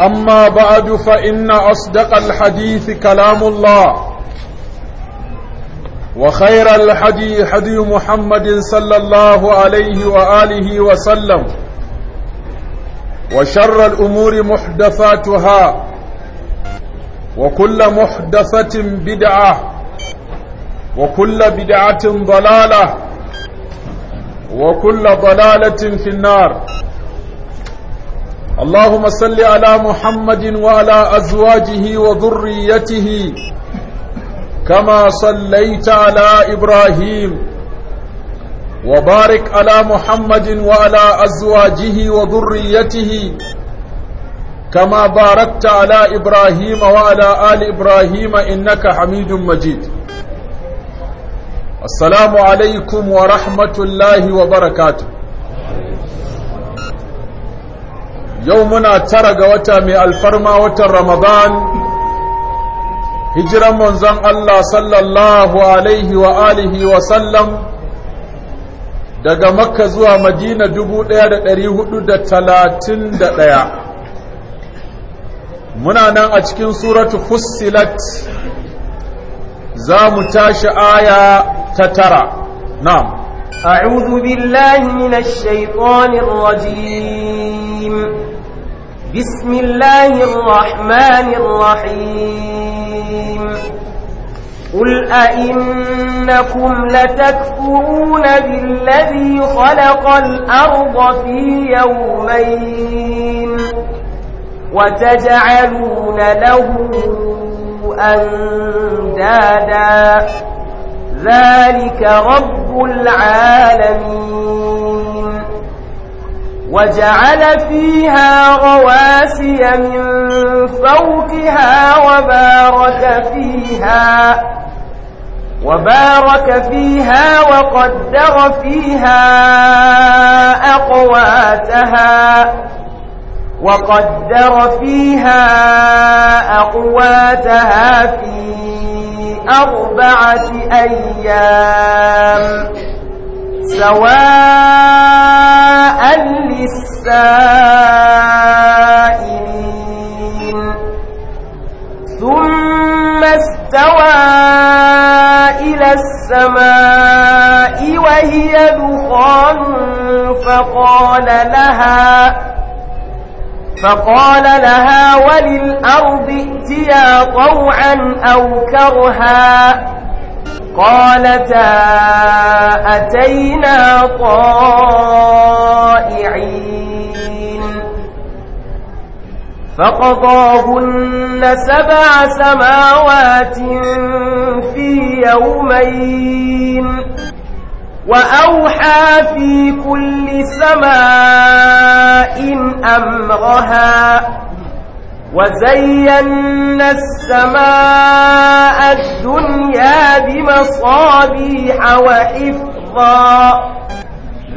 أما بعد فإن أصدق الحديث كلام الله وخير الحدي حدي محمد صلى الله عليه وآله وسلم وشر الأمور محدثاتها وكل محدثة بدعة وكل بدعة ضلالة وكل ضلالة في النار اللهم صل على محمد وعلى أزواجه وذريته كما صليت على إبراهيم وبارك على محمد وعلى أزواجه وذريته كما باركت على إبراهيم وعلى آل إبراهيم إنك حميد مجيد السلام عليكم ورحمة الله وبركاته yau muna tara ga wata mai alfarma watan ramadan hijiran manzon Allah sallallahu alaihi wa alihi wa sallam daga makka zuwa madina 1431 muna nan a cikin suratu fussilat za mu tashi aya ta tara na'am أعوذ بالله من الشيطان الرجيم بسم الله الرحمن الرحيم قل أئنكم لتكفرون بالذي خلق الأرض في يومين وتجعلون له أندادا ذلك رب العالمين وجعل فيها رواسي من فوقها وبارك فيها وبارك فيها وقدر فيها أقواتها وقدر فيها أقواتها في أربعة أيام سواء للسائلين ثم استوى إلى السماء وهي دخان فقال لها فقال لها وللأرض ائتيا طوعا أو كرها قالتا أتينا طائعين فقضاهن سبع سماوات في يومين وأوحى في كل سماء أمرها وزينا السماء الدنيا بمصابيح وحفظا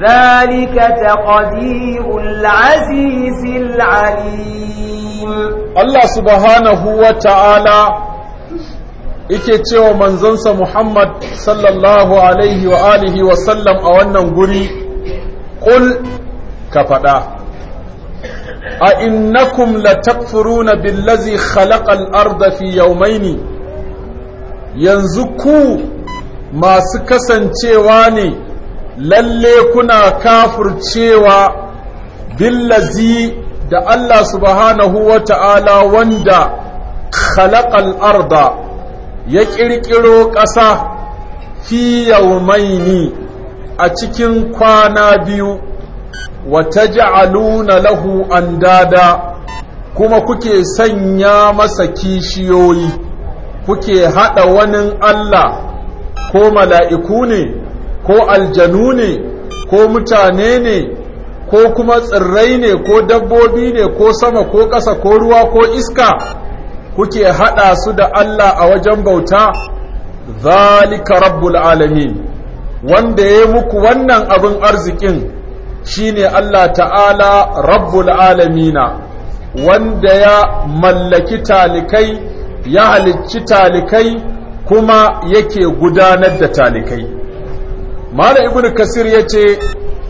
ذلك تقدير العزيز العليم الله سبحانه وتعالى yake cewa manzonsa Muhammad sallallahu alaihi wa alihi wa sallam a wannan guri kul ka faɗa a innakum la na billazi khalaqal arda fi yawmayni yanzu ku masu kasancewa ne lalle kuna kafircewa billazi da Allah subhanahu wata'ala wanda khalaqal arda ya ƙirƙiro ƙasa fi yawmayni a cikin kwana biyu wa taj'aluna lahu andada kuma kuke sanya masa kishiyoyi kuke hada wani Allah ko mala'iku ne ko aljanu ne ko mutane ne ko kuma tsirrai ne ko dabbobi ne ko sama ko ƙasa ko ruwa ko iska kuke hada su da Allah a wajen bauta zalika rabbul alamin wanda ya muku wannan abin arzikin shine Allah ta'ala rabbul alamina wanda ya mallaki talikai ya halicci talikai kuma yake gudanar da talikai mala ibnu kasir ce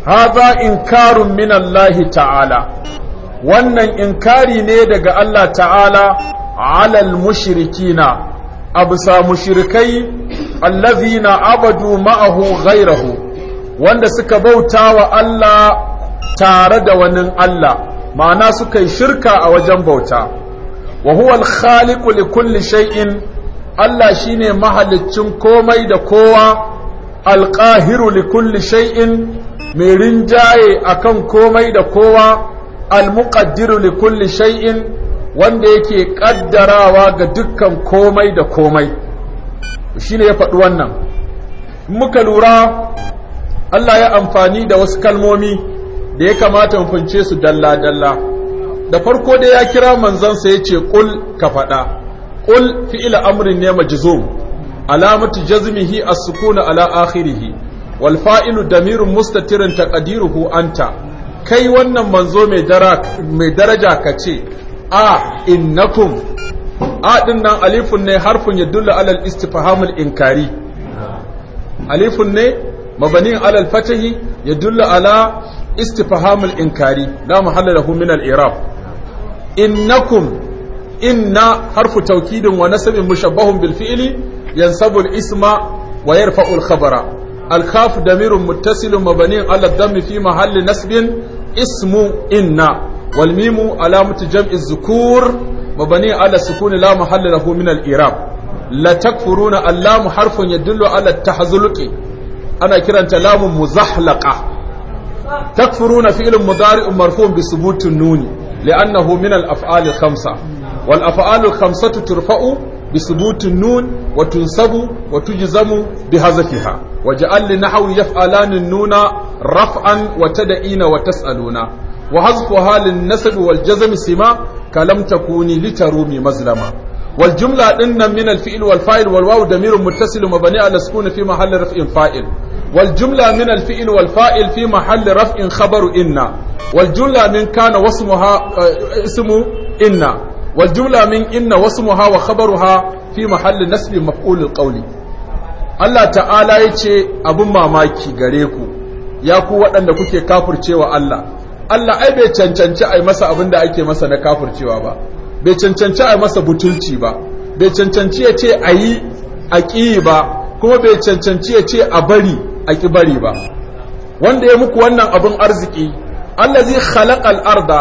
haza inkarun minallahi ta'ala wannan inkari ne daga Allah ta'ala alal mushrikina abusa mushrikai allazina abadu ma'ahu ghayrahu wanda suka bauta wa Allah tare da wani Allah ma'ana suka yi shirka a wajen bauta wa huwa al-khaliqu li kulli shay'in Allah shine mahaliccin komai da kowa al-qahiru li kulli shay'in mai rinjaye akan komai da kowa al-muqaddiru li kulli shay'in wanda yake kaddarawa ga dukkan komai da komai shine ya faɗi wannan muka lura Allah ya amfani da wasu kalmomi da ya kamata mu fince su dalla dalla da farko dai ya kira manzansa ya ce qul ka faɗa qul fi'il amrin ne majzum alamatu jazmihi as-sukuna ala akhirih wal fa'ilu damirun mustatirun taqdiruhu anta kai wannan manzo mai daraja ka ce a innakum a din nan alifun ne harfin ya dula alal istifhamul inkari alifun ne mabani alal fatahi ya dulla ala istifahamul inkari la mahalla lahu min al irab innakum inna harfu tawkidin wa nasabin mushabbahun bil fi'li yansabu isma wa yarfa'u al khabara al khaf damirun muttasilun mabani ala dammi fi mahalli nasbin ismu inna wal mimu alamatu jam'i zukur mabani ala sukun la mahalla lahu min al irab la takfuruna allahu harfun yadullu ala tahzuluki ana kiranta lamun muzahlaqa takfuruna fi'lun mudari'un marfu'un bi subutun nuni li'annahu min al-af'ali khamsa wal af'alu khamsatu turfa'u bi subutun nun wa tunsabu wa tujzamu bi hazafiha waj'al li nahwi yaf'alani nuna raf'an wa tad'ina wa tas'aluna wa hazfu halin nasb wal jazm sima kalam takuni litarumi mazlama Waljumla jumla din nan min al fi'l wal fa'il wal waw damirun muttasil mabni ala sukun fi mahall raf'in fa'il Waljumla jumla min al wal fa'il fi mahall raf'in khabaru inna Waljumla jumla min kana wasmuha eh, ismu inna Waljumla min inna wasmuha wa khabaruha fi mahall nasb maf'ul al Allah ta'ala yace abun mamaki gare ku ya ku waɗanda kuke kafircewa Allah Allah ai bai cancanci ai masa abin da ake masa na kafircewa ba bai cancanci a masa butulci ba bai cancanci ya ce a yi a ƙi ba kuma bai cancanci ya ce a bari a ƙi bari ba wanda ya muku wannan abin arziki allazi khalaqa al-arda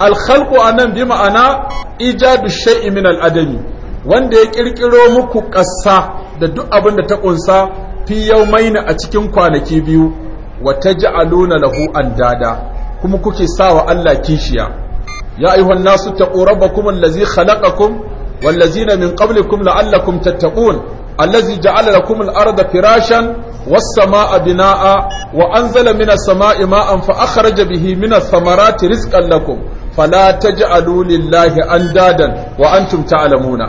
al-khalqu anan bi ma'ana ijadu shay'in min al wanda ya ƙirƙiro muku ƙasa da duk abin da ta ƙunsa, fi yau yawmaina a cikin kwanaki biyu wa taj'aluna lahu andada kuma kuke sa wa Allah kishiya يا أيها الناس اتقوا ربكم الذي خلقكم والذين من قبلكم لعلكم تتقون الذي جعل لكم الأرض فراشا والسماء بناء وأنزل من السماء ماء فأخرج به من الثمرات رزقا لكم فلا تجعلوا لله أندادا وأنتم تعلمون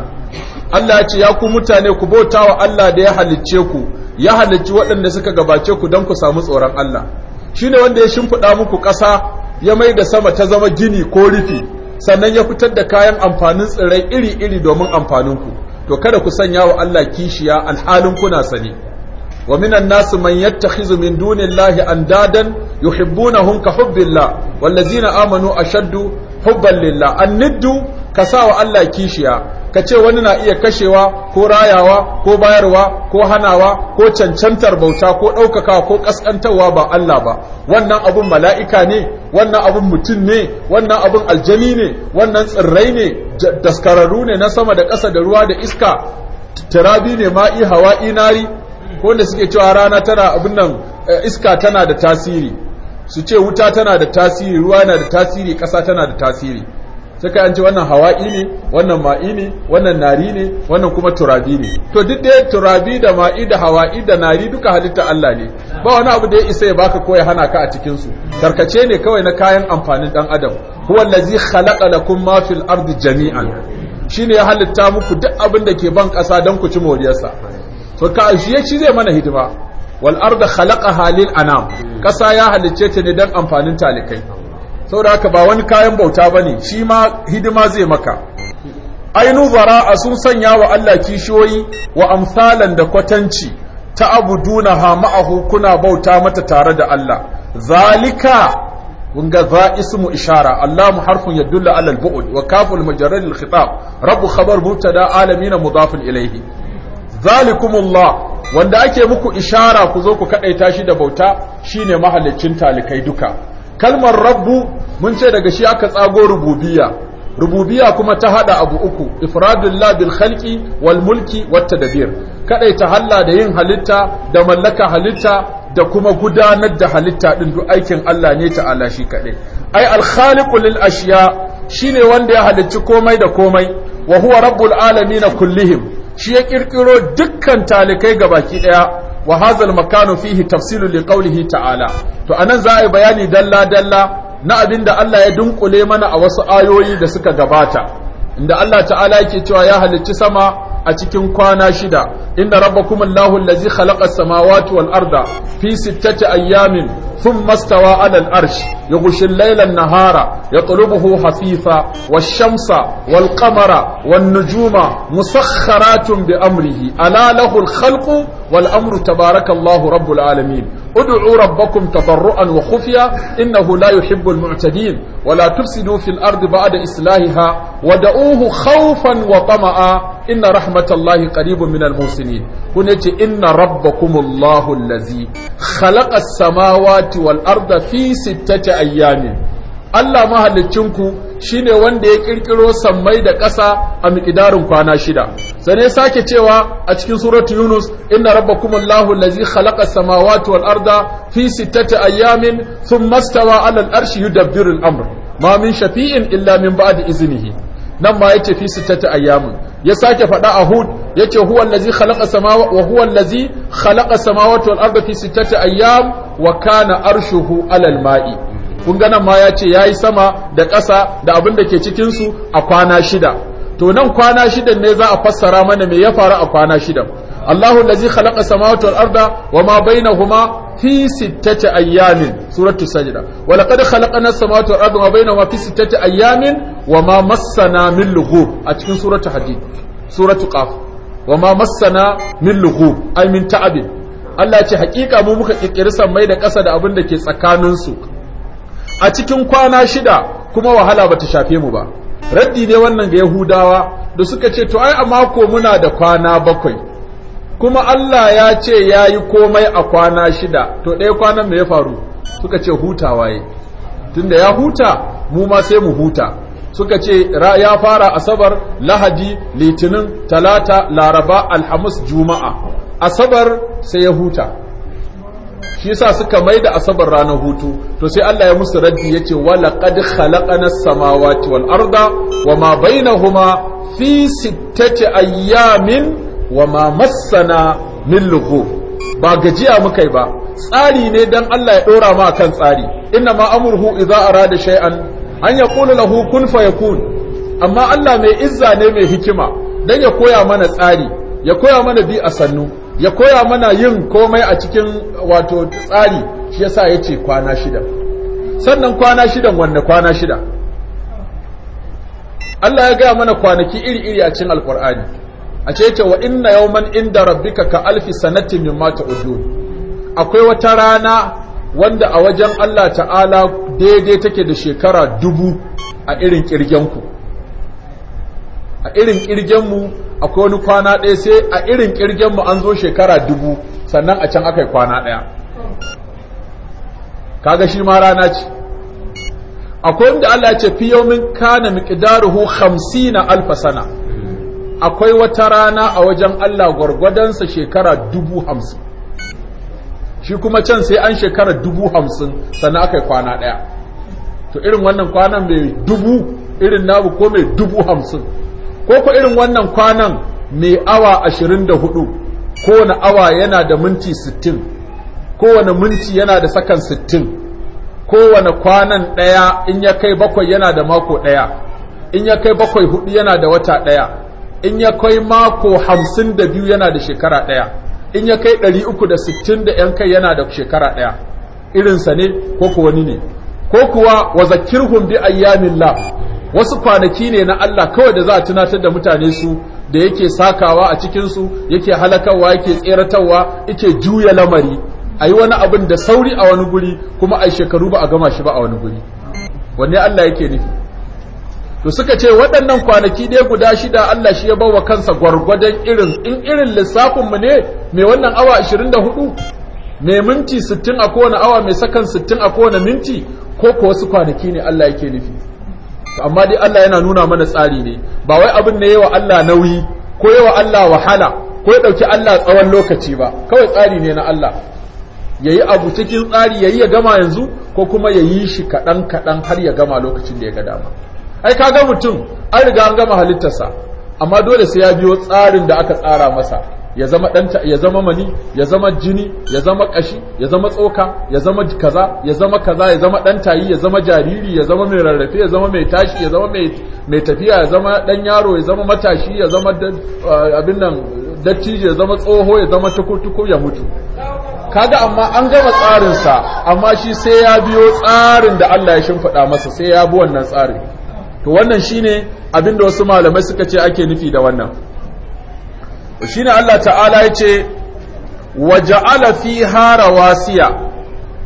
Allah ya ce ya ku mutane ku bauta wa Allah da ya halicce ku ya halicci waɗanda suka gabace ku don ku samu tsoron Allah shine wanda ya shimfiɗa muku ƙasa ya mai da sama ta zama gini ko rufi sannan ya fitar da kayan amfanin tsirrai iri-iri domin amfaninku to kada ku sanya wa Allah kishiya alhalin kuna sani wa minan nasu man yattakhizu min dunillahi andadan yuhibbunahum ka hubbillah wallazina amanu ashaddu hubban lillah anniddu ka sa wa Allah kishiya ka ce wani na iya kashewa ko rayawa ko bayarwa ko hanawa ko cancantar bauta ko ɗaukaka ko ƙasƙantarwa ba Allah ba wannan abun mala'ika ne wannan abun mutum ne wannan abun aljani ne wannan tsirrai ne daskararru ne na sama da ƙasa da ruwa da iska turabi ne ma'i hawa inari ko wanda suke cewa rana tana abin nan eh, iska tana da tasiri su ce wuta tana da tasiri ruwa na da tasiri ƙasa tana da tasiri sai an ce wannan hawa'i ne wannan ma'i ne wannan nari ne wannan kuma turabi ne to duk da turabi da ma'i da hawa'i da nari duka halitta Allah ne ba wani abu da ya isa ya baka ko hana ka a cikin su tarkace ne kawai na kayan amfanin dan adam huwa allazi khalaqa lakum ma fil ardi jami'an shine ya halitta muku duk abin da ke ban kasa dan ku ci moriyarsa to ka shi ya ci zai mana hidima wal ardi khalaqaha lil anam kasa ya halicce ta ne dan amfanin talikai saboda haka ba wani kayan bauta bane shi ma hidima zai maka ainu a sun sanya wa Allah kishiyoyi wa amsalan da kwatanci ta abuduna ha ma'ahu kuna bauta mata tare da Allah zalika kunga za ismu ishara Allah harfun yadullu ala al-bu'd wa kaful majarrad al-khitab rabu khabar mubtada alamina mudafun ilayhi zalikumullah wanda ake muku ishara ku zo ku kadaita shi da bauta shine mahallicin talikai duka kalmar rabbu mun ce daga shi aka tsago rububiyya rububiyya kuma ta hada abu uku ifradullah bil khalqi wal mulki wat tadbir ta halla da yin halitta da mallaka halitta da kuma gudanar da halitta din duk aikin Allah ne ta'ala shi kaɗai. ai al khaliqu lil ashiya shine wanda ya halicci komai da komai wa huwa rabbul alamin kullihim shi ya kirkiro dukkan talikai gabaki daya wa hazal makanu fihi tafsilu li qawlihi ta'ala to anan za a yi bayani dalla dalla na abin da Allah ya dunkule mana a wasu ayoyi da suka gabata inda Allah ta'ala yake cewa ya halicci sama a cikin kwana shida inna rabbakum allahu allazi khalaqa samawati wal arda fi sittati ayyamin thumma istawa 'ala al-arsh yughshi al-layla an-nahara yatlubuhu hafifa wash-shamsa wal-qamara wan-nujuma musakhkharatun bi amrihi ala lahu al-khalqu wal-amru tabaarakallahu rabbul alamin ادعوا ربكم تضرعا وخفيا إنه لا يحب المعتدين ولا تفسدوا في الأرض بعد إصلاحها ودعوه خوفا وطمعا إن رحمة الله قريب من المحسنين هناك إن ربكم الله الذي خلق السماوات والأرض في ستة أيام الله ما هل shine wanda ya kirkiro sammai da ƙasa a miƙidarin kwana shida sane sake cewa a cikin suratu yunus inna rabbakumullahu lazi khalaqa samawati wal arda fi sittati ayamin thumma stawa ala arshi yudabbiru amr ma min shafi'in illa min ba'di iznihi nan ma yace fi sittati ayamin ya sake faɗa a hud yace huwa allazi khalaqa samawa wa huwa allazi khalaqa samawati wal arda fi sittati ayyam wa kana arshuhu ala ma'i kun ga nan ma ya ce yayi sama da ƙasa da abin da ke cikin su a kwana shida to nan kwana shidan ne za a fassara mana me ya faru a kwana shidan Allahu allazi khalaqa samawati wal arda wama bainahuma fi sittati ayyamin suratu sajda wa laqad khalaqna samawati wal arda wama bainahuma fi sittati ayyamin wama massana min lughub a cikin suratu hadid suratu qaf wama massana min lughub ay min ta'ab Allah ce hakika mu muka kikkiri sammai da ƙasa da abin da ke tsakaninsu a cikin kwana shida kuma wahala bata shafe mu ba raddi ne wannan ga yahudawa da suka ce to ai a mako muna da kwana bakwai kuma Allah ya ce ya yi komai a kwana shida to ɗaya kwanan me ya faru suka ce hutawa yi tunda ya huta mu ma sai mu huta suka ce ya fara asabar lahadi litinin talata laraba alhamis juma'a asabar sai ya huta shi yasa suka maida asabar ranar hutu to sai Allah ya musu raddi yace wala qad khalaqana samawati wal arda wama bainahuma fi sittati ayyamin wama massana min lughub ba gajiya muka ba tsari ne dan Allah ya dora ma kan tsari inna ma amruhu idza arada shay'an an yaqulu lahu kun fayakun amma Allah mai izza ne mai hikima dan ya koya mana tsari ya koya mana bi a sannu ya koya mana yin komai a cikin wato tsari shi yasa ya ce kwana shida sannan kwana shidan wanne kwana shida Allah ya gaya mana kwanaki iri-iri a cikin alkur'ani a ce ce wa inna yawman inda rabbika ka alfi sanatin mimma ta'udun akwai wata rana wanda a wajen Allah ta'ala daidai take da shekara dubu a irin kirgenku a irin ƙirgenmu akwai wani kwana ɗaya sai a irin ƙirgenmu an zo shekara dubu sannan a can aka yi kwana ɗaya kaga shi ma rana ce akwai wanda Allah ya ce fi yawmin kana miqdaruhu 50 alf sana akwai wata rana a wajen Allah gwargwadonsa shekara dubu hamsin shi kuma can sai an shekara dubu hamsin sannan aka yi kwana ɗaya to irin wannan kwanan mai dubu irin nabu ko mai dubu hamsin ko ko irin wannan kwanan mai awa 24 kowane awa yana da minti 60 kowane minti yana da sakan 60 kowane kwanan ɗaya in ya kai bakwai yana da mako ɗaya in ya kai bakwai hudu yana da wata ɗaya in ya kai mako hamsin da biyu yana da shekara ɗaya in ya kai ɗari uku da ‘yan kai yana da shekara ɗaya irinsa ne ko kuwa wani ne ko kuwa wa zakirhum bi ayyamin wasu kwanaki ne na Allah kawai da za a tunatar da mutane su da yake sakawa a cikin su yake halakarwa yake tseratarwa yake juya lamari a yi wani abin da sauri a wani guri kuma a shekaru ba a gama shi ba a wani guri wanne Allah yake nufi to suka ce waɗannan kwanaki dai guda shida Allah shi ya bawa kansa gwargwadon irin in irin lissafinmu ne mai wannan awa 24 mai minti 60 a kowane awa mai sakan sittin a kowane minti ko ko wasu kwanaki ne Allah yake nufi amma dai Allah yana nuna mana tsari ne ba wai abin da yawa Allah nauyi ko yawa Allah wahala ko ya dauki Allah tsawon lokaci ba kawai tsari ne na Allah yayi abu cikin tsari yayi ya gama yanzu ko kuma yayi shi kadan kadan har ya gama lokacin da ya gada dama ai kaga mutum an riga an gama halittarsa amma dole sai ya biyo tsarin da aka tsara masa ya zama danta ya zama mani ya zama jini ya zama kashi ya zama tsoka ya zama kaza ya zama kaza ya zama dantayi ya zama jariri ya zama mai rarrafe ya zama mai tashi ya zama mai tafiya ya zama dan yaro ya zama matashi ya zama abin nan dattijo ya zama tsoho ya zama tukutuku ya mutu kaga amma an gama tsarinsa amma shi sai ya biyo tsarin da Allah ya shimfiɗa masa sai ya bi wannan tsarin to wannan shine da wasu malamai suka ce ake nufi da wannan shine Allah ta'ala Ya ce, waje alafi hara wasiya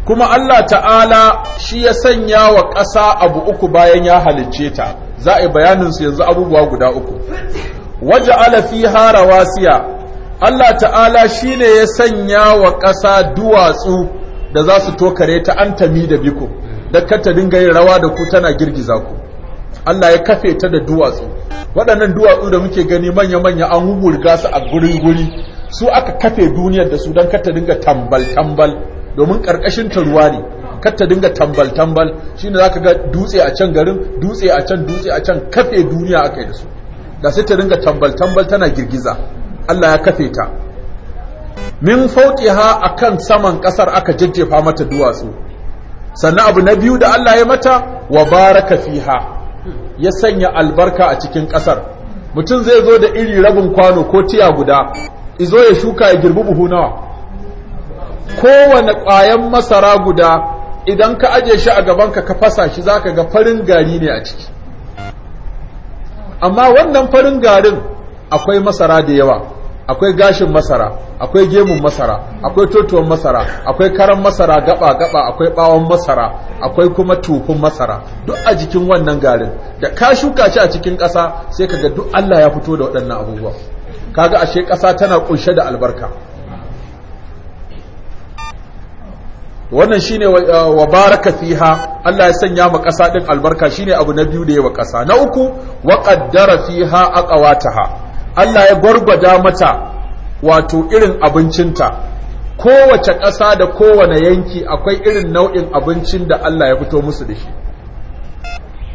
kuma Allah ta'ala shi ya sanya wa ƙasa abu uku bayan ya halicce ta za a yi bayanin su yanzu abubuwa guda uku alafi hara wasiya, Allah ta'ala shi ne ya sanya wa ƙasa duwatsu da za su tokare ta an tami da biku da ka ta dinga yin rawa da ku tana girgiza ku Allah ya kafe ta da duwatsu waɗannan duwatsu da muke gani manya-manya an hugurga su a guri-guri su aka kafe duniyar da su don kata dinga tambal-tambal domin ƙarƙashin ta ruwa ne kata dinga tambal-tambal shi ne za ka ga dutse a can garin dutse a can dutse a can kafe duniya aka yi da su da sai ta dinga tambal-tambal tana girgiza Allah ya kafe ta min fauqiha akan saman ƙasar aka jajjefa mata duwatsu sannan abu na biyu da Allah ya mata wa baraka fiha ya sanya albarka a cikin ƙasar mutum zai zo da iri rabin kwano ko tiya guda izo ya shuka ya girbi buhu nawa kowane ƙwayan masara guda idan ka aje shi a gabanka ka fasa shi zaka ga farin gari ne a ciki amma wannan farin garin akwai masara da yawa akwai gashin masara akwai gemun masara akwai totuwan masara akwai karan masara gaba gaba akwai bawon masara akwai kuma tuhun masara duk a jikin wannan garin da ka shuka shi a cikin ƙasa sai ka ga duk Allah ya fito da waɗannan abubuwa kaga ashe ƙasa tana kunshe da albarka wannan shine uh, wa baraka fiha Allah ya sanya ma ƙasa din albarka shine abu na biyu da yawa ƙasa na uku wa qaddara fiha aqwataha Allah ya gwargwada mata wato irin abincinta kowace ƙasa da kowane yanki akwai irin nau'in abincin da Allah ya fito musu da shi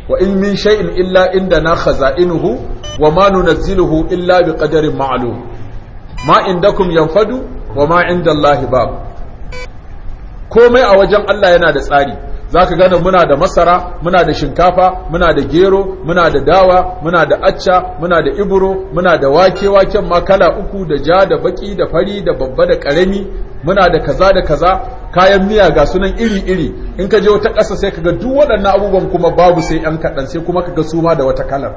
wa in min shay'in illa inda na khaza'inuhu wa ma nunazziluhu illa bi qadarin ma'lum ma indakum yanfadu wa ma inda Allah bab komai a wajen Allah yana da tsari Za ka gane muna da masara muna da shinkafa muna da gero muna da dawa muna da acca muna da iburo muna da wake waken ma kala uku da ja da baki da fari da babba da karami muna da kaza da kaza kayan miya ga sunan iri-iri in ka je wata ƙasa sai kaga duk waɗannan abubuwan kuma babu sai ɗan kaɗan sai kuma kaga su ma da wata kalar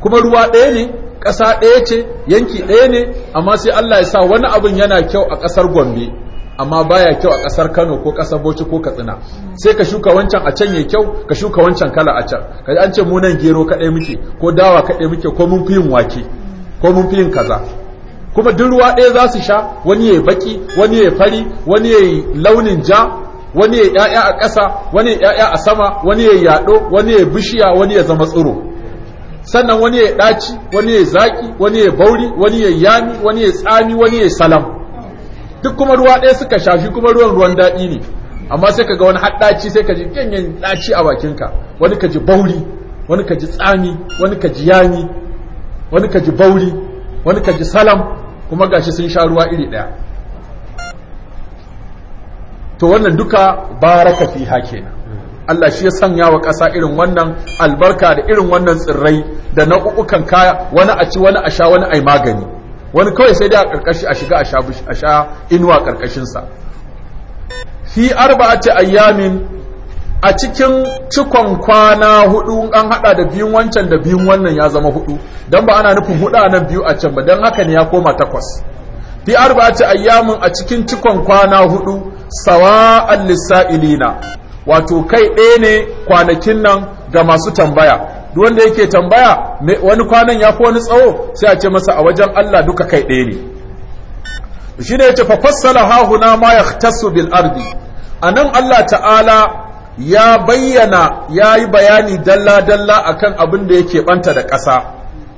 kuma ruwa ɗaya ne ƙasa ɗaya ce yanki ɗaya ne amma sai Allah ya sa wani abin yana kyau a ƙasar Gombe amma baya kyau a kasar Kano ko kasar Bauchi ko Katsina sai ka shuka wancan a can yayi kyau ka shuka wancan kala a can kaji an ce mu nan gero kadai muke ko dawa kadai muke ko mun fi yin wake ko mun fi yin kaza kuma duk ruwa ɗaya za su sha wani yayi baki wani yayi fari wani yayi launin ja wani yayi ƴaƴa a ƙasa wani yayi ƴaƴa a sama wani yayi yado wani yayi bishiya wani ya zama tsiro sannan wani yayi ɗaci, wani yayi zaki wani yayi bauri wani yayi yami wani yayi tsami wani yayi salam duk kuma ruwa ɗaya suka shafi kuma ruwan ruwan daɗi ne amma sai ka ga wani haɗaci sai ka ji ganyen ɗaci a bakinka wani ka ji bauri wani ka ji tsami wani ka ji yami wani ka ji bauri wani ka ji salam kuma gashi sun sha ruwa iri ɗaya to wannan duka baraka fi kenan Allah shi ya sanya wa ƙasa irin wannan albarka da irin wannan tsirrai da nau'ukan kaya wani a ci wani a sha wani ai magani wani kawai sai dai a karkashi a shiga a sha inuwa karkashinsa fi arba'ati ayyamin a cikin cikon kwana hudu an hada da biyun wancan da biyun wannan ya zama hudu dan ba ana nufin hudu nan biyu a can ba dan haka ne ya koma takwas fi arba'ati ayyamin a cikin cikon kwana hudu sawa'al lisa'ilina wato kai ɗaya ne kwanakin nan ga masu tambaya duk wanda yake tambaya wani kwanan ya fi wani tsawo sai a ce masa a wajen Allah duka kai ɗaya ne shi ne ya ce fafassala hahuna ma ya tasu bil ardi a nan Allah ta'ala ya bayyana ya yi bayani dalla-dalla akan abin da yake banta da ƙasa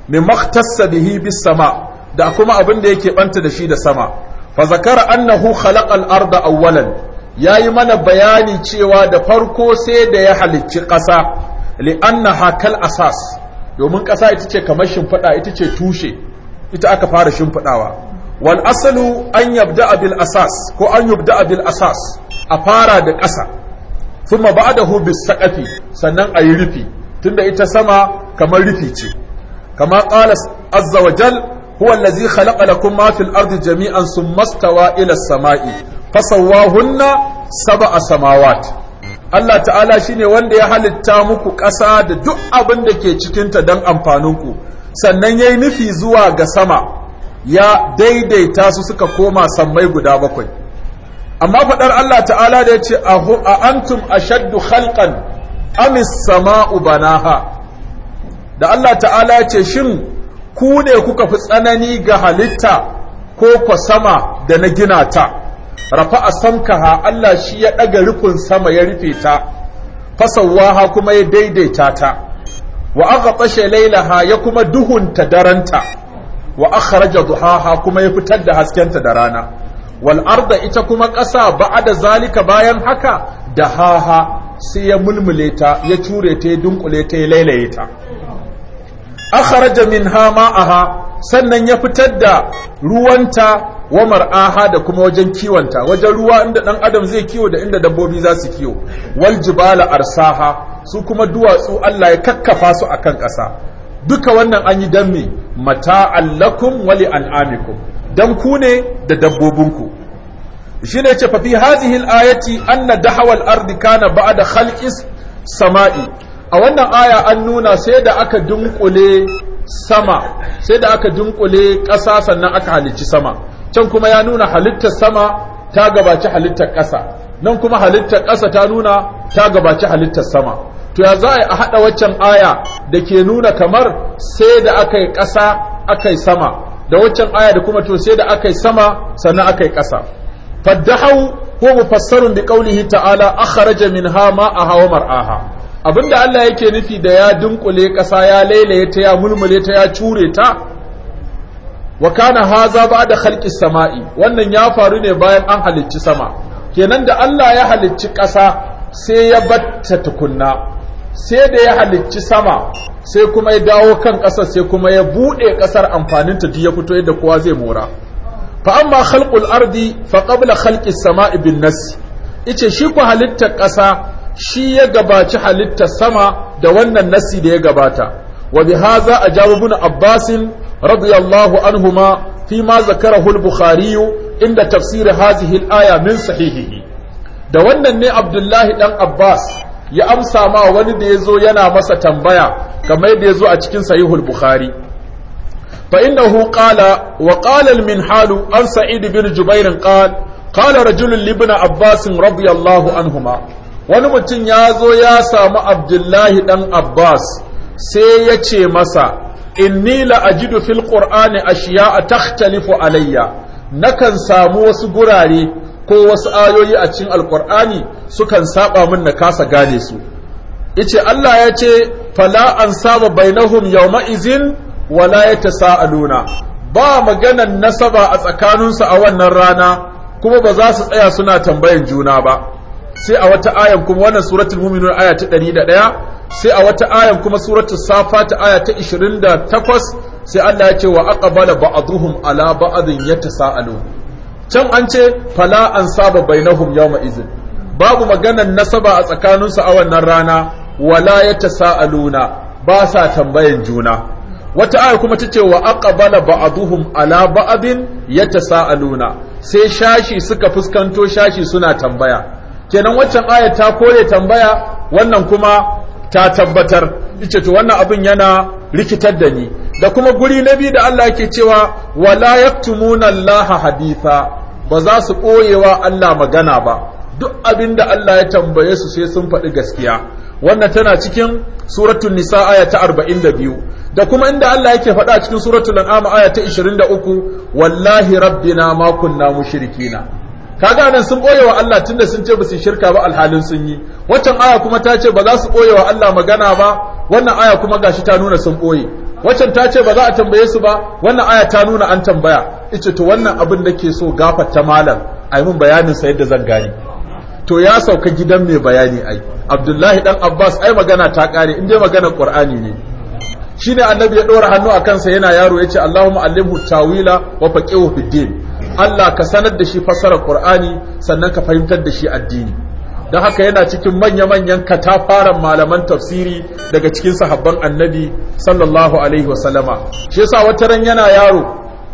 mai maktassa bihi bis sama da kuma abin da yake ɓanta da shi da sama fa zakara annahu khalaqal arda awwalan yi mana bayani cewa da farko sai da ya halicci ƙasa li'anna hakal asas domin ƙasa ita ce kamar shimfiɗa ita ce tushe ita aka fara shimfiɗawa wal asalu an yabda bil asas ko an yabda bil asas a fara da ƙasa thumma ba'dahu bis saqafi sannan ayi rufi tunda ita sama kamar rufi ce kama qala azza wa jal huwa allazi khalaqa lakum ma fil ardi jami'an thumma stawa ila as-sama'i fasawwahunna sab'a samawati. Allah ta'ala shine wanda ya halitta muku ƙasa da duk abin da ke cikinta don amfaninku sannan ya yi nufi zuwa ga sama ya daidaita su suka koma sammai guda bakwai amma faɗar Allah ta'ala da ya ce a antum ashaddu halkan amis sama'u banaha da Allah ta'ala ya ce shin ku ne kuka fi tsanani ga halitta ko kwa sama da na gina ta Rafa a samkaha Allah shi ya ɗaga rufin sama ya rufe ta fasawaha kuma ya daidaita ta wa aghtasha ha ya kuma duhunta daranta wa akhraja duhaha kuma ya fitar da haskenta da rana wal arda ita kuma ƙasa da zalika bayan haka da haha sai ya mulmule ta ya ture ta ya dunkule ta ya lailaye ta akhraja a ha sannan ya fitar da ruwanta wa mar'aha da kuma wajen kiwanta wajen ruwa inda dan adam zai kiwo da inda dabbobi za su kiwo wal jibala arsaha su kuma duwatsu Allah ya kakkafa su akan ƙasa duka wannan an yi dan me mata'al lakum wa li an'amikum dan ku ne da dabbobinku shine ce fa fi hadhihi al-ayati anna dahwal ardi kana ba'da khalqis sama'i a wannan aya an nuna sai da aka dunkule sama sai da aka dunkule ƙasa sannan aka halicci sama can kuma ya nuna halittar sama ta gabaci halittar ƙasa nan kuma halittar ƙasa ta nuna ta gabaci halittar sama to ya za a yi haɗa waccan aya da ke nuna kamar sai da aka yi ƙasa aka yi sama da waccan aya da kuma to sai da aka yi sama sannan aka yi ƙasa faddahau ko mufassarun bi qaulihi ta'ala akhraja minha a wa mar'aha abinda Allah yake nufi da ya dunkule ƙasa ya lailaye ta ya mulmule ta ya cure ta wa kana haza da khalqi sama'i wannan ya faru ne bayan an halicci sama kenan da Allah ya halicci ƙasa sai ya batta tukunna sai da ya halicci sama sai kuma ya dawo kan ƙasar sai kuma ya bude ƙasar amfanin ta ya fito yadda kowa zai mora fa amma khalqul ardi fa qabla khalqi sama'i bin nas ice shi ku halitta ƙasa shi ya gabaci halitta sama da wannan nasi da ya gabata wa bihaza ajabu ibn abbasin radiyallahu anhuma fi ma zakarahu al-bukhari inda tafsir hadhihi al-aya min sahihihi da wannan ne abdullahi dan abbas ya amsa ma wani da yazo yana masa tambaya kamar yadda yazo a cikin sahihul bukhari fa innahu qala wa qala al-minhalu an sa'id bin jubair qala قال رجل لابن عباس رضي الله wani mutum ya zo ya samu abdullahi ɗan abbas sai ya ce masa inni la ajidu fil qur'ani ashiya'a takhtalifu alayya nakan samu wasu gurare ko wasu ayoyi a cikin alqur'ani sukan saba min na kasa gane su yace Allah ya ce fala an saba bainahum yawma izin wala yatasaaluna ba maganan nasaba a tsakaninsu a wannan rana kuma ba za su tsaya suna tambayan juna ba sai a wata ayan kuma wannan suratul mu'minun aya ta ɗaya. sai a wata ayan kuma suratul safa ta aya ta 28 sai Allah ya ce wa aqbala ba'dhum ala ba'dhin yatasaalu can an ce fala ansaba bainahum yawma izin babu maganan nasaba a tsakanin su a wannan rana wala yatasaaluna ba sa tambayan juna wata aya kuma ta ce wa aqbala ba'dhum ala ba'dhin yatasaaluna sai shashi suka fuskanto shashi suna tambaya kenan waccan aya ta kore tambaya wannan kuma ta tabbatar yace to wannan abin yana rikitar da ni da kuma guri na biyu da Allah yake cewa wala yaktumuna Allah haditha ba za su koyewa Allah magana ba duk abin da Allah ya tambaye su sai sun faɗi gaskiya wannan tana cikin suratul nisa aya ta 42 da kuma inda Allah yake faɗa cikin suratul an'am aya ta 23 wallahi rabbina ma kunna mushrikina kaga nan sun boye wa Allah tunda sun ce ba su shirka ba alhalin sun yi waccan aya kuma ta ce ba za su boye wa Allah magana ba wannan aya kuma gashi ta nuna sun boye waccan ta ce ba za a tambaye su ba wannan aya ta nuna an tambaya ice to wannan abin da ke so gafarta malam ai mun bayanin sa yadda zan gani. to ya sauka gidan mai bayani ai Abdullahi dan Abbas ai magana ta kare in dai magana Qur'ani ne shine annabi ya dora hannu akan sa yana yaro yace Allahumma allimhu tawila wa faqihu fid din Allah ka sanar da shi fassarar Qur'ani sannan ka fahimtar da shi addini don haka yana cikin manya-manyan katafaren malaman tafsiri daga cikin sahabban annabi sallallahu alaihi wasallama shi yasa wata ran yana yaro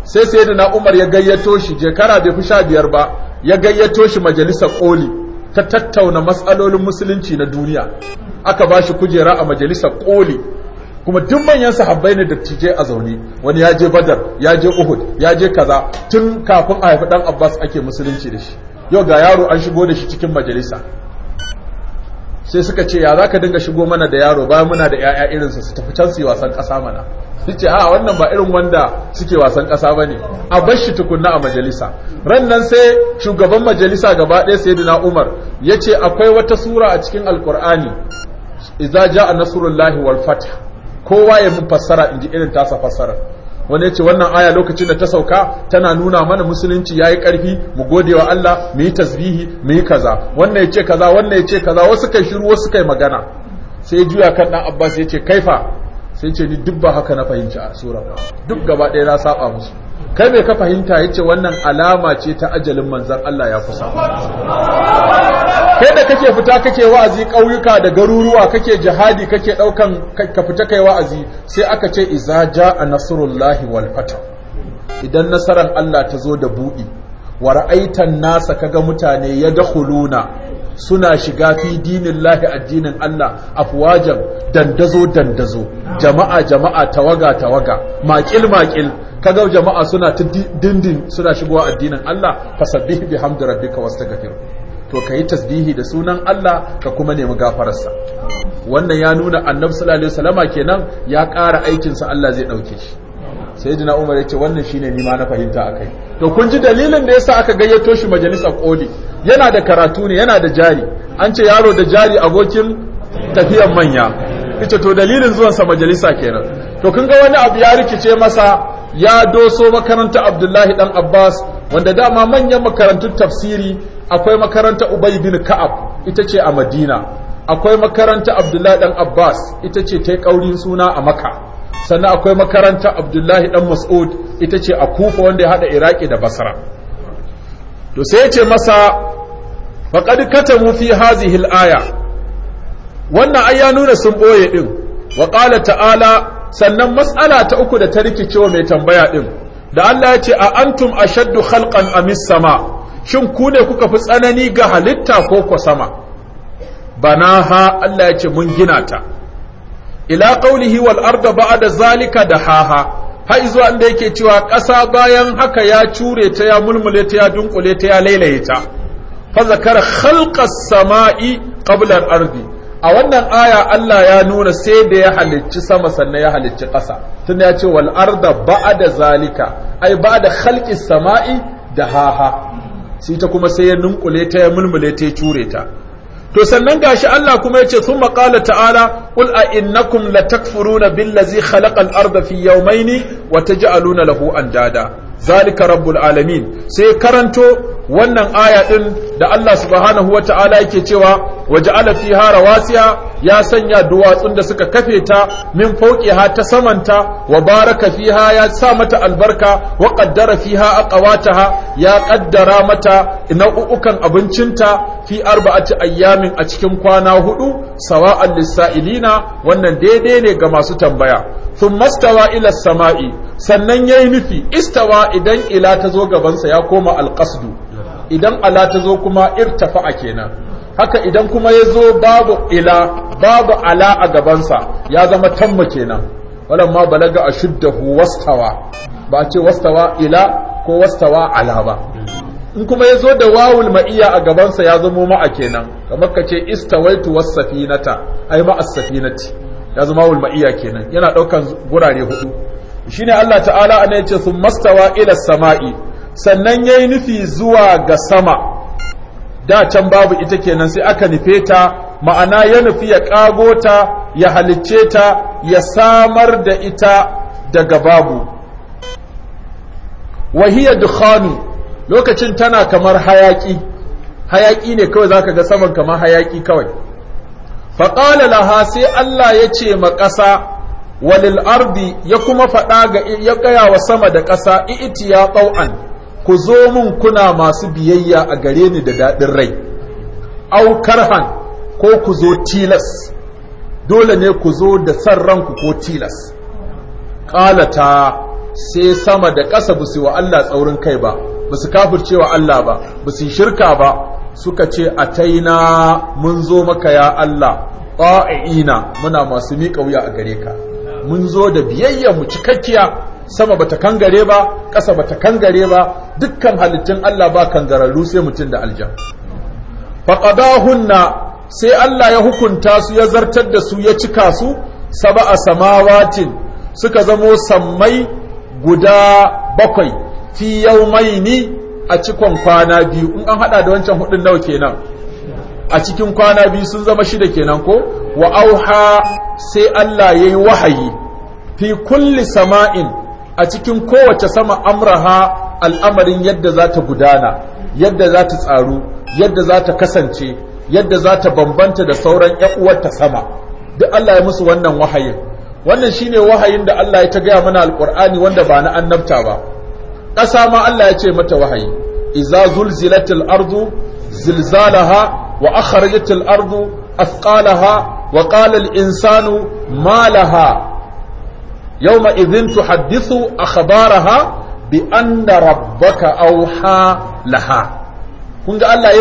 sai sai da na umar ya gayyato shi jekara bai fi sha biyar ba ya gayyato shi majalisar koli ta tattauna matsalolin musulunci na duniya aka ba shi kujera a majalisar koli kuma duk manyan sahabbai ne dattijai a zaune wani ya je badar ya je uhud ya je kaza tun kafin a haifi dan abbas ake musulunci da shi yau ga yaro an shigo da shi cikin majalisa sai suka ce ya zaka dinga shigo mana da yaro bayan muna da yaya irin su tafi can su yi wasan kasa mana su ce a wannan ba irin wanda suke wasan kasa bane ne a bar shi tukunna a majalisa ran nan sai shugaban majalisa gaba ɗaya sai umar ya ce akwai wata sura a cikin alkur'ani iza ja'a nasrullahi wal fath kowa ya mun fassara inji irin tasa fassara wani ya ce wannan aya lokacin da ta sauka tana nuna mana musulunci ya yi ƙarfi mu gode wa Allah mu yi tasbihi mu yi kaza wannan ya ce kaza wannan ya ce kaza wasu kai shiru wasu kai magana sai juya kan dan abbas ya ce kaifa sai ce ni duk ba haka na fahimta a sura ba duk gaba ɗaya na saba musu kai mai ka fahimta yace wannan alama ce ta ajalin manzon Allah ya kusa kai da kake fita kake wa'azi ƙauyuka da garuruwa kake jihadi kake ɗaukan ka fita kai wa'azi sai aka ce iza ja nasrullahi wal fata. idan nasaran Allah ta zo da buɗi wa ra'aitan nasa kaga mutane ya dakhuluna suna shiga fi dinin lahi addinin Allah afwajan dandazo dandazo jama'a jama'a tawaga tawaga maƙil maƙil ga jama'a suna ta dindin suna shigowa addinin Allah bi hamdu rabbika wastaghfir to kayi tasbihi da sunan Allah ka kuma nemi gafararsa wannan ya nuna annabi sallallahu alaihi wasallama kenan ya ƙara aikinsa Allah zai ɗauke shi dina umar ya ce wannan shi ni ma na fahimta akai to kun ji dalilin da ya sa aka gayyato shi majalisar koli yana da karatu ne yana da jari an ce yaro da jari abokin tafiyan manya ita to dalilin zuwansa majalisa kenan to kun ga wani abu ya rikice masa ya doso makaranta abdullahi dan abbas wanda dama manyan makarantun tafsiri akwai makaranta ubay bin ka'ab ita ce a madina akwai makaranta abdullahi dan abbas ita ce ta yi kaurin suna a Makka. sannan akwai makaranta abdullahi dan mas'ud ita ce a kufa wanda ya hada iraki da basra to sai ya ce masa faqad katamu fi hazihi al-aya wannan an ya nuna sun boye ɗin. Waƙala ta'ala sannan matsala ta uku da ta rikicewa mai tambaya ɗin. da Allah ya ce a antum ashaddu khalqan amis sama shin ku ne kuka fi tsanani ga halitta ko ko sama banaha Allah ya ce mun gina ta ila qawlihi wal arda ba'da zalika dahaha har zuwa inda yake cewa ƙasa bayan haka ya cure ta ya mulmule ta ya dunkule ta ya lailaye ta fa zakara khalqas sama'i qabla al ardi a wannan aya Allah ya nuna sai da ya halicci sama sannan ya halicci ƙasa tunda ya ce wal arda ba'da zalika ai ba'da khalqis sama'i dahaha sai ta kuma sai ya nunkule ta ya mulmule ta ya cure ta to sannan gashi Allah kuma yace thumma qala ta'ala qul a innakum latakfuruna billazi khalaqal arda fi yawmayni wa taj'aluna lahu andada zalika rabbul alamin sai karanto wannan aya din da Allah subhanahu wata'ala yake cewa waja'ala fiha rawasiya ya sanya duwatsun da suka kafe ta min fauqiha ta samanta wa baraka fiha ya sa mata albarka wa qaddara fiha aqwataha ya qaddara mata nau'ukan abincinta fi arba'ati ayyamin a cikin kwana hudu sawa'an lisa'ilina wannan daidai ne ga masu tambaya thumma mastawa ila sama'i sannan yayi nufi istawa idan ila ta zo gabansa ya koma alqasdu idan ala ta zo kuma irtafa'a kenan haka idan kuma ya zo babu ila babu ala a gabansa ya zama tamma kenan ma balaga a ashuddahu wastawa ba ce wastawa ila ko wastawa ala ba in kuma ya zo da wawul ma'iya a gabansa ya zama ma'a kenan kamar ka ce istawaitu wasafinata ai ma'a safinati ya zama wawul ma'iya kenan yana daukan gurare hudu shine Allah ta'ala ana yace sun mastawa ila sama'i sannan yayi nufi zuwa ga sama da can babu ita kenan sai aka nufe ta ma'ana ya nufi ya kago ta ya halicce ta ya samar da ita daga babu wahiyar dukhanu lokacin tana kamar hayaƙi. Hayaƙi ne kawai zaka ga saman kamar hayaƙi kawai faƙala laha sai Allah ya ce ma ƙasa walil ardi ya kuma faɗa ga ya gaya wa sama da ƙasa iti ya ƙau'an ku zo mun kuna masu biyayya a gare ni da daɗin rai aukarhan ko ku zo tilas dole ne ku zo da san ranku ko tilas ƙalata sai sama da ƙasa ba su wa Allah tsaurin kai ba ba su kafircewa Allah ba ba su shirka ba suka ce a taina mun zo maka ya Allah ƙa'ina muna masu miƙa wuya a gare ka mun zo da biyayya mu cikakkiya sama bata kangare ba ƙasa bata kangare ba dukkan halittun Allah ba kangararru sai mutum da aljan faqadahunna sai Allah ya hukunta su ya zartar da su ya cika su sab'a samawatin suka zamo sammai guda bakwai fi ni a cikon kwana biyu in an haɗa da wancan hudun nawa kenan a cikin kwana biyu sun zama shida kenan ko wa auha sai Allah yayi wahayi fi kulli sama'in a cikin kowace sama amraha al'amarin yadda za ta gudana yadda za ta tsaru yadda za ta kasance yadda za ta bambanta da sauran uwarta sama duk Allah ya musu wannan wahayin wannan shine wahayin da Allah ya ta gaya mana alƙur'ani wanda ba na annabta ba ƙasa ma Allah ya ce mata wahayi iza zulzilatil ardu zilzalaha wa akhrajatil ardu athqalaha wa qala al insanu ma laha yawma idhin tuhaddithu akhbaraha bi anna rabbaka auha laha kun ga Allah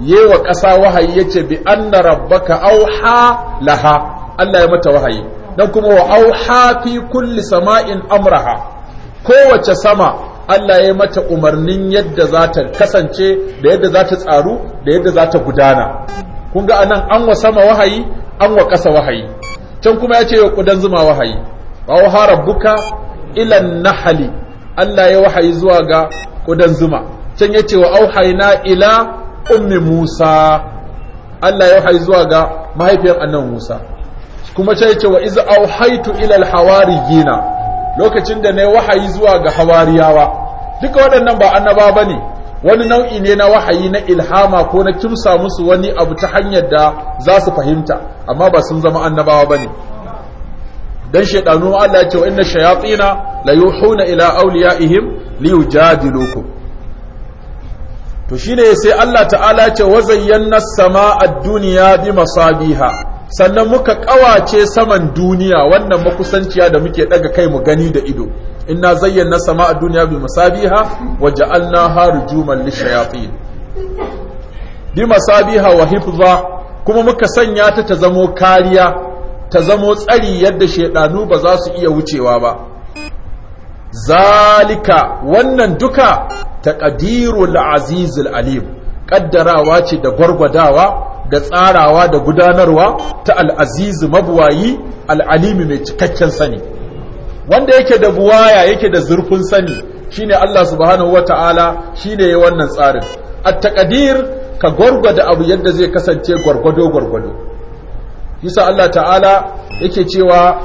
yawa ƙasa wahayi yace bi anna rabbaka auha laha Allah ya mata wahayi dan kuma wa auha fi kulli sama'in amraha kowace sama Allah ya mata umarnin yadda za ta kasance da yadda za ta tsaru da yadda za ta gudana kun ga anan an wa sama wahayi an wa ƙasa wahayi can kuma ya ce wa ƙudan zuma wahayi wa rabbuka ila nahli Allah ya wahayi zuwa ga kudan zuma can ce wa auhayna ila ummi Musa Allah ya wahayi zuwa ga mahaifiyar annan Musa kuma can yace wa iz auhaytu ila alhawariyina lokacin da ne wahayi zuwa ga hawariyawa duka waɗannan ba annaba ne. wani nau'i ne na wahayi na ilhama ko na kimsa musu wani abu ta hanyar da za su fahimta amma ba sun zama annabawa bane dan shaydanu Allah ya ce inna shayatin la yuhuna ila awliyaihim liyujadilukum to shine sai Allah ta'ala ya ce wa zayyana samaa ad-dunya bi masabiha sannan muka kawace saman duniya wannan makusanciya da muke daga kai mu gani da ido inna zayyana samaa ad-dunya bi masabiha wa ja'alnaha rujuman lishayatin bi masabiha wa hifdha kuma muka sanya ta ta zamo kariya ta zamo tsari yadda shaidanu ba za su iya wucewa ba zalika wannan duka taqdirul azizul alim kaddarawa ce da gwargwadawa da tsarawa da gudanarwa ta al'azizu mabuwayi al'alimi mai cikakken sani wanda yake da buwaya yake da zurfin sani shine Allah subhanahu wata'ala shine ya wannan tsarin at taqdir ka gwargwada abu yadda zai kasance gwargwado gwargwado yasa Allah ta'ala yake cewa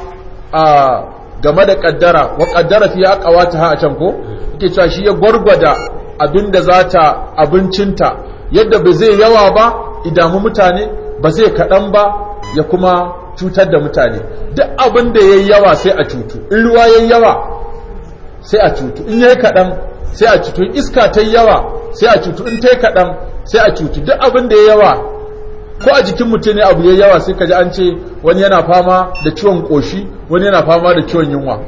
a game da kaddara wa kaddara fi ha a can ko yake cewa shi ya gwargwada abinda zata abincinta yadda ba zai yawa ba idamu mutane ba zai kadan ba ya kuma cutar da mutane duk abinda yayi yawa sai a cutu in ruwa yayi yawa sai a cutu in yayi kadan sai a cutu iska ta yawa sai a cutu in ta yi kadan sai a cutu duk abinda yayi yawa ko a jikin mutum ne abu yayi yawa sai kaji an ce wani yana fama da ciwon koshi wani yana fama da ciwon yunwa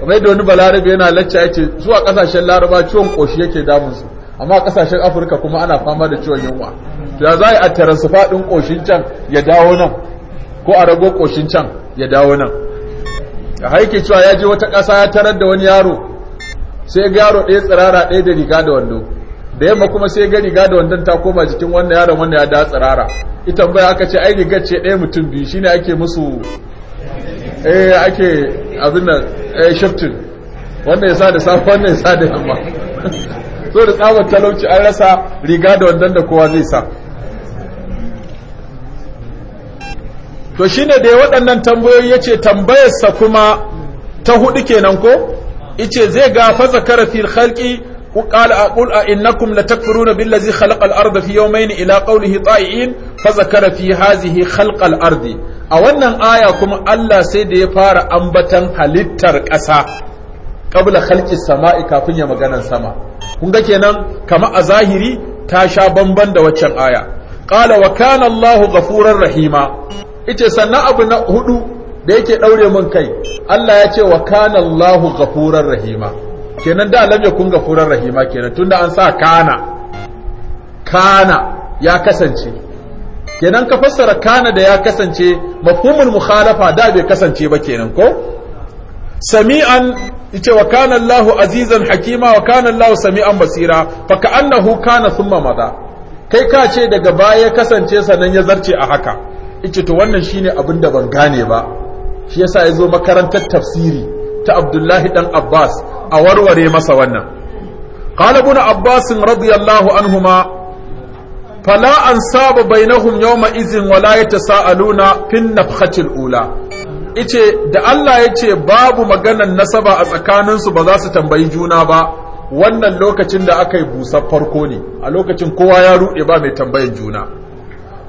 kamar da wani balarabe yana lacca yake su a kasashen laraba ciwon koshi yake damun su amma kasashen afirka kuma ana fama da ciwon yunwa to ya za a taransu fadin koshin can ya dawo nan ko a rago koshin can ya dawo nan a haike cewa ya je wata ƙasa ya tarar da wani yaro sai ga yaro ɗaya tsirara ɗaya da riga da wando da yamma kuma sai ga riga da wandan ta koma jikin wannan yaron wannan ya da tsirara ita baya aka ce ai rigar ce ɗaya mutum biyu shine ake musu eh ake abin nan eh shifting wannan ya sa da safa wannan ya sa da yamma so da tsawon talauci an rasa riga da wandan da kowa zai sa to shine da waɗannan tambayoyi yace tambayarsa kuma ta hudu kenan ko ice zai ga fa zakara fil khalqi قال أقول أئنكم لتكفرون بالذي خلق الأرض في يومين إلى قوله طائعين فذكر في هذه خلق الأرض أولا آية كما الله ya fara أنبتا halittar ƙasa. qabla khalqi sama'i kafin ya magana sama kun ga kenan kama a zahiri ta sha bamban da waccan aya qala wakanallahu kana Allahu rahima Ice sannan abu na huɗu da yake ɗaure mun kai Allah ya ce wakanallahu kana rahima kenan da kun ga furar rahima kenan tunda an sa kana kana ya kasance kenan ka fassara kana da ya kasance mafhumul mukhalafa da bai kasance ba kenan ko sami'an yace wa kana Allahu azizan hakima wa kana Allahu sami'an basira fa ka'annahu kana thumma madha kai ka ce daga baya kasance sanan ya zarce a haka yace to wannan shine abin da ban gane ba shi yasa yazo makarantar tafsiri ta abdullahi dan abbas a warware masa wannan qala ibn abbas radiyallahu anhuma fala saba bainahum yawma izin wala yatasaaluna fin nafkhati ula ice da Allah ya ce babu maganan nasaba a tsakaninsu ba za su tambayi juna ba wannan lokacin da aka yi busar farko ne a lokacin kowa ya ruɗe ba mai tambayin juna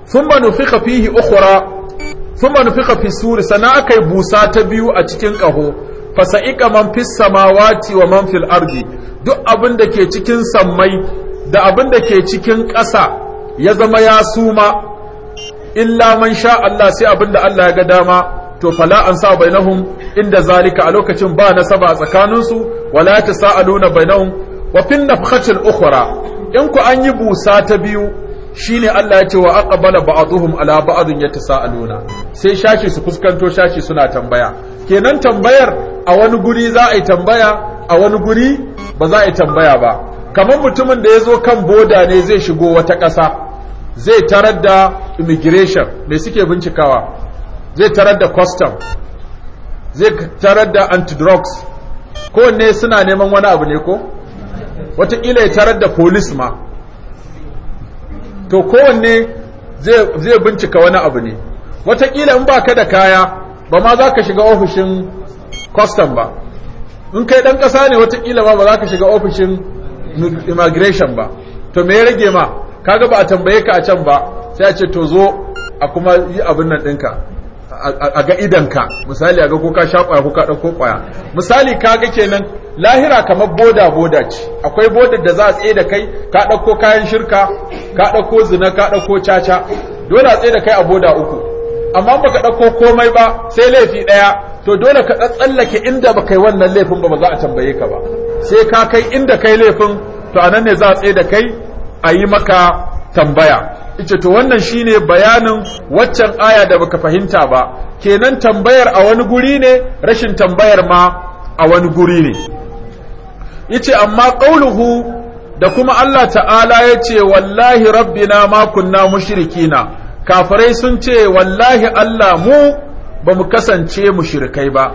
sun ba fihi ukhra sun fi suri sana aka yi busa ta biyu a cikin ƙaho fasa'ika man fis samawati wa man fil ardi duk abin da ke cikin sammai da abin da ke cikin ƙasa ya zama ya suma illa man sha Allah sai abin da Allah ya ga dama to fala an sa bainahum inda zalika a lokacin ba nasaba a tsakaninsu wala tasaluna bainahum wa fin nafkhatil ukhra in ku an yi busa ta biyu shine Allah ya ce wa aqbala ba'dhum ala ba'dhin yatasaaluna sai shashi su fuskanto shashi suna tambaya kenan tambayar a wani guri za a yi tambaya a wani guri ba za a yi tambaya ba kamar mutumin da ya zo kan boda ne zai shigo wata ƙasa zai tarar da immigration mai suke bincikawa zai tarar da custom zai tarar da antidrugs kowanne suna neman wani abu ne ko watakila ya tarar da police ma to kowanne zai bincika wani abu ne watakila in ba ka da kaya ba ma za ka shiga ofishin custom ba in kai ɗan ƙasa ne watakila ba ba za ka shiga ofishin immigration ba to me ya rage ma kaga ba a tambaye ka a can ba sai a ce to zo a kuma yi abin nan ɗinka a ga idanka misali a ga ko ka sha kwaya ko ka ɗauko kwaya misali ka ga kenan lahira kamar boda boda ce akwai bodar da za a tsaye da kai ka ɗauko kayan shirka ka ɗauko zina ka ɗauko caca dole a tsaye da kai a boda uku amma baka ɗauko komai ba sai laifi ɗaya to dole ka tsallake inda ba kai wannan laifin ba ba za a tambaye ka ba sai ka kai inda kai laifin to anan ne za a tsaye da kai a yi maka tambaya ita to wannan shine bayanin waccan aya da baka fahimta ba kenan tambayar a wani guri ne rashin tambayar ma a wani guri ne yace amma qauluhu da kuma Allah ta'ala yace wallahi rabbina ma kunna mushrikina kafirai sun ce wallahi Allah mu ba mu kasance mushrikai ba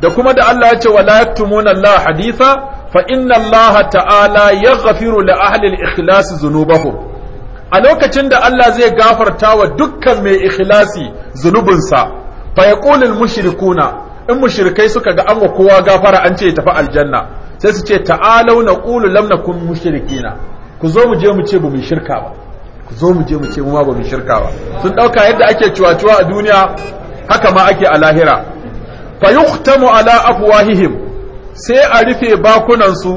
da kuma da Allah ya ce wala yaktumuna Allah haditha fa inna Allah ta'ala yaghfiru li ahli al-ikhlas dhunubahum a lokacin da Allah zai gafarta wa dukkan mai ikhlasi zunubinsa fa yaqulul mushrikuna in mushrikai suka ga an kowa gafara an ce tafi aljanna sai su ce ta'alau naqulu lam nakun mushrikina ku zo mu je mu ce bu mu shirka ba ku zo mu je mu ce mu ma ba mu shirka ba sun dauka yadda ake ciwaciwa a duniya haka ma ake a lahira fa yuhtamu ala afwahihim sai a rufe bakunan su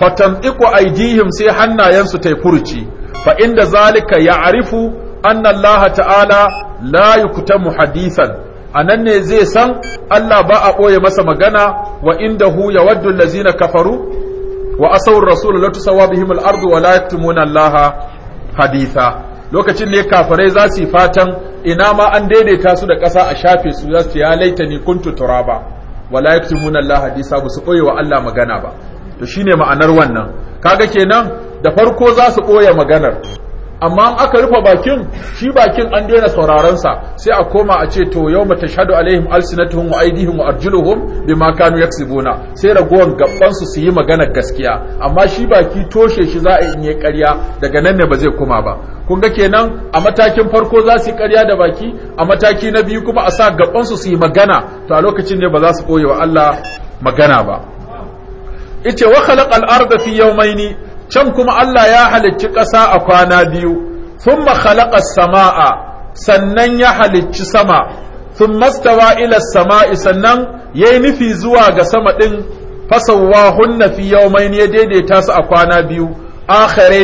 fatandiku aidihim sai hannayen su tai furuci fa inda zalika ya'rifu anna allaha ta'ala la yuktamu hadithan anan ne zai san Allah ba a boye masa magana wa indahu yawaddu allazina kafaru wa asawur rasul la tusawa bihim al-ardu wa la yaktumuna allaha haditha lokacin ne kafirai za su fatan ina ma an daidaita su da ƙasa a shafe su za su ya laita ni kuntu turaba wala yaktumuna Allah hadisa ba su koyewa wa Allah magana ba to shine ma'anar wannan kaga kenan da farko za su koya maganar amma aka rufe bakin shi bakin an daina sauraron sa sai a koma a ce to yawma tashhadu alaihim alsinatuhum wa aydihim wa arjuluhum bima kanu yaksibuna sai ragowan gabban su su yi magana gaskiya amma shi baki toshe shi za a yi ne ƙarya daga nan ne ba zai koma ba kun ga kenan a matakin farko za su yi ƙarya da baki a mataki na biyu kuma a sa gabban su su yi magana to a lokacin ne ba za su koyewa Allah magana ba ice wa khalaqa al-arda fi yawmayni can kuma Allah ya halicci ƙasa a kwana biyu ma khalaqa samaa sannan ya halicci sama sun mastawa ila samai sannan ya yi nufi zuwa ga sama ɗin fasawa hunna fi mai ya daidaita su a kwana biyu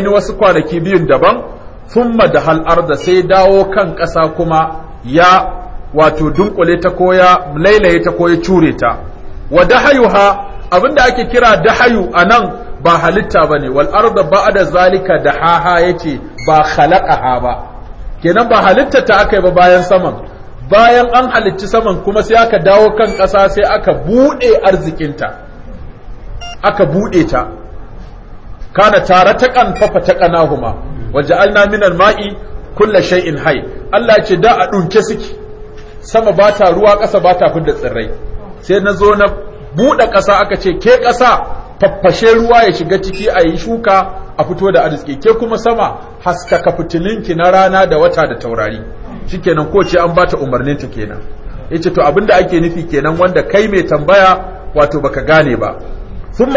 ni wasu kwanaki biyun daban sun da hal'ar da sai dawo kan ƙasa kuma ya wato dunkule ta koya lailaye ta koya cure ta wa ha abinda ake kira dahayu nan. ba halitta ba ne wal arda da zalika da haha yace ba khalaqaha ba kenan ba halitta ta aka akai ba bayan saman bayan an halicci saman kuma sai aka dawo kan ƙasa sai aka bude arzikinta aka bude ta kana tare ta kan fafa ta kanahuma waja'alna minal ma'i kulla shay'in hay Allah ce da a dunke suke sama ba ta ruwa ƙasa ba ta fidda tsirrai sai na zo na buɗe ƙasa aka ce ke ƙasa faffashe ruwa ya shiga ciki a yi shuka a fito da arziki ke kuma sama haskaka fitilinki na rana da wata da taurari kenan ko ce an bata umarnin ta kenan Ya ce to abinda ake nufi kenan wanda kai mai tambaya wato baka gane ba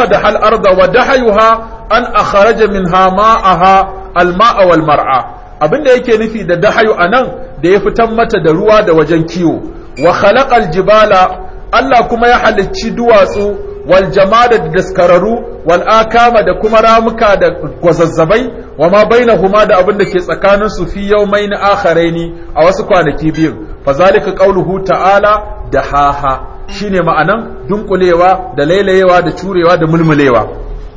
da hal arda wa hayuha an min ha ma'aha alma'a wal mar'a abinda yake nufi da dahayu anan da ya fitan mata da ruwa da wajen kiwo wa khalaqal jibala Allah kuma ya halicci duwatsu wal jamada da daskararru wal akama da kuma ramuka da gwazazzabai wa ma bainahuma da abin da ke tsakanin su fi yawmain akharaini a wasu kwanaki biyu fa zalika qauluhu ta'ala da haha shine ma'anan dunkulewa da lailayewa da curewa da mulmulewa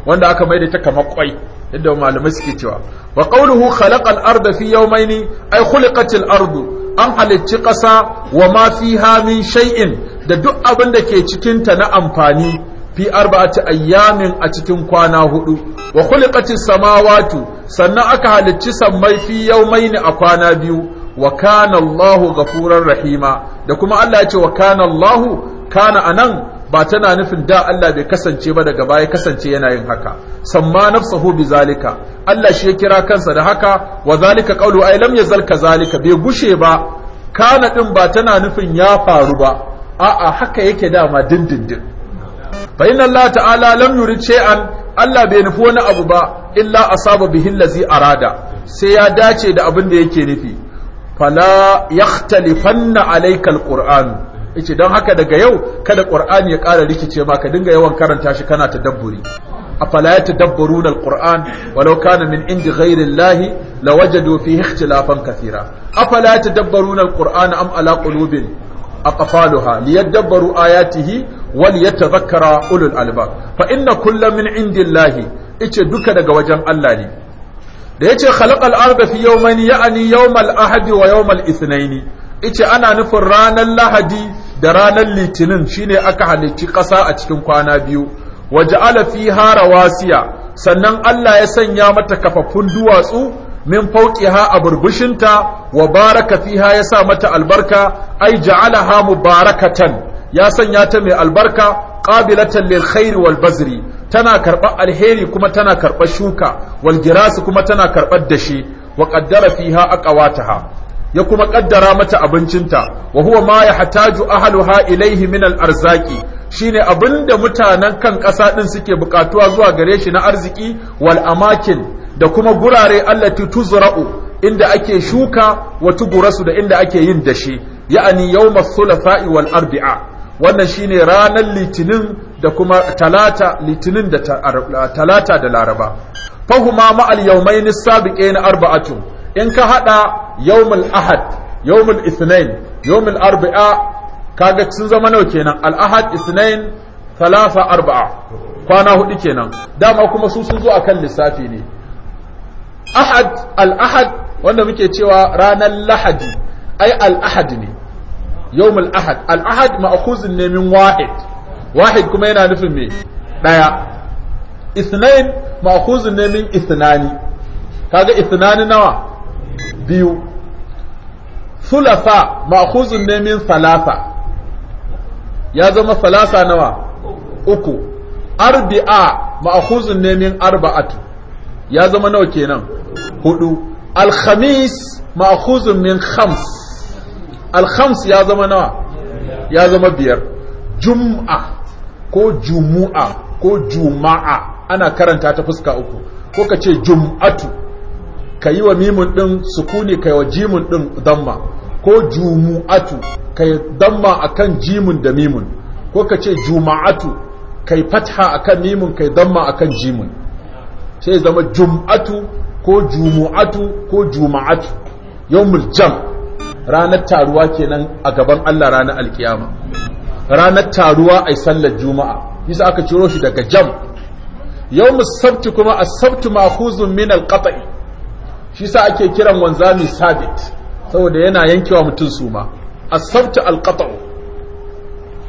wanda aka maida ta kamar kwai yadda malamai suke cewa wa qauluhu khalaqal arda fi yawmain ay khuliqatil ardu an halicci ƙasa wa ma fiha min shay'in da duk abin da ke cikinta na amfani fi arba'ati ayyamin a cikin kwana hudu wa khuliqatis samawati sannan aka halicci sammai fi yawmaini a kwana biyu wa kana Allahu ghafurar rahima da kuma Allah ya ce wa kana Allahu kana anan ba tana nufin da Allah bai kasance ba daga baya kasance yana yin haka samma nafsuhu bi zalika Allah shi ya kira kansa da haka wa zalika qawlu ay lam yazal kazalika bai gushe ba kana din ba tana nufin ya faru ba a'a haka yake dama dindindin fa inna Allah ta'ala lam ce an. Allah bai nufi wani abu ba illa bihin lazi a arada sai ya dace da abin da yake nufi fala yakhtalifanna alayka alquran yace don haka daga yau kada qur'ani ya ƙara rikice ka dinga yawan karanta shi kana ta afala yatadabbaruna alquran walau kana min indi ghayri llahi lawajadu fihi ikhtilafan kathira afala yatadabbaruna alquran am ala qulubin aqfaluha liyadabbaru ayatihi wal yatadhakkara ulul albab fa inna kulla min indillahi ice duka daga wajen Allah ne da yace khalaqal arda fi yawmayn ya'ni yawmal ahad wa yawmal ithnain ice ana nufin ranar lahadi da ranar litinin shine aka halicci ƙasa a cikin kwana biyu waja'ala fiha rawasiya sannan Allah ya sanya mata kafaffun duwatsu min fauqiha a burbushinta wa baraka fiha ya sa mata albarka ai ja'alaha mubarakatan ya sanya ta mai albarka qabilatan lil khair wal bazri tana karɓar alheri kuma tana karɓar shuka wal girasu kuma tana karɓar dashe wa qaddara fiha aqwataha ya kuma ƙaddara mata abincinta wa huwa ma yahtaju ahluha ilayhi min al arzaqi shine abinda mutanen kan ƙasa din suke bukatuwa zuwa gare shi na arziki wal amakin da kuma gurare allati tuzra'u inda ake shuka wa tugurasu da inda ake yin dashe ya'ani yawmas thulatha'i wal arbi'a wannan shi ne ranar litinin da kuma talata litinin da talata da laraba fahuma ma'al yawmain sabiqain tun? in ka haɗa yawmul ahad yau ithnain yawmul arba'a kaga sun zama nawa kenan al ahad ithnain thalatha arba'a kwana hudu kenan dama kuma su sun zo a kan lissafi ne ahad al ahad wanda muke cewa ranar lahadi ai al ahad ne yawmul ahad al ahad ma'khuzun ne min wahid wahid kuma yana nufin me daya ithnain ma'khuzun ne min ithnani kaga ithnani nawa biyu thulatha ma'khuzun ne min thalatha ya zama thalatha nawa uku arbi'a ma'khuzun ne min arba'atu ya zama nawa kenan hudu alkhamis ma'khuzun min khams alhams ya zama nawa ya zama biyar jum'a ko jumu'a ko juma'a ana karanta ta fuska uku ko ka ce jum'atu ka yi wa mimun ɗin sukuni ka yi wa jimun ɗin damma ko jumu'atu ka yi damma a kan jimun da mimun ko ka ce juma'atu ka yi fatha a kan mimun ka yi damma a kan jimun sai zama jum'atu ko jumu'atu ko juma'atu yawmul jam' ranar taruwa kenan a gaban Allah ranar alkiyama ranar taruwa ai sallar juma'a yasa aka ciro shi daga jam yawmus sabti kuma as-sabtu ma'khuzun min al-qata'i shi sa ake kiran wanzami sabit saboda yana yankewa mutum suma as-sabtu al-qata'u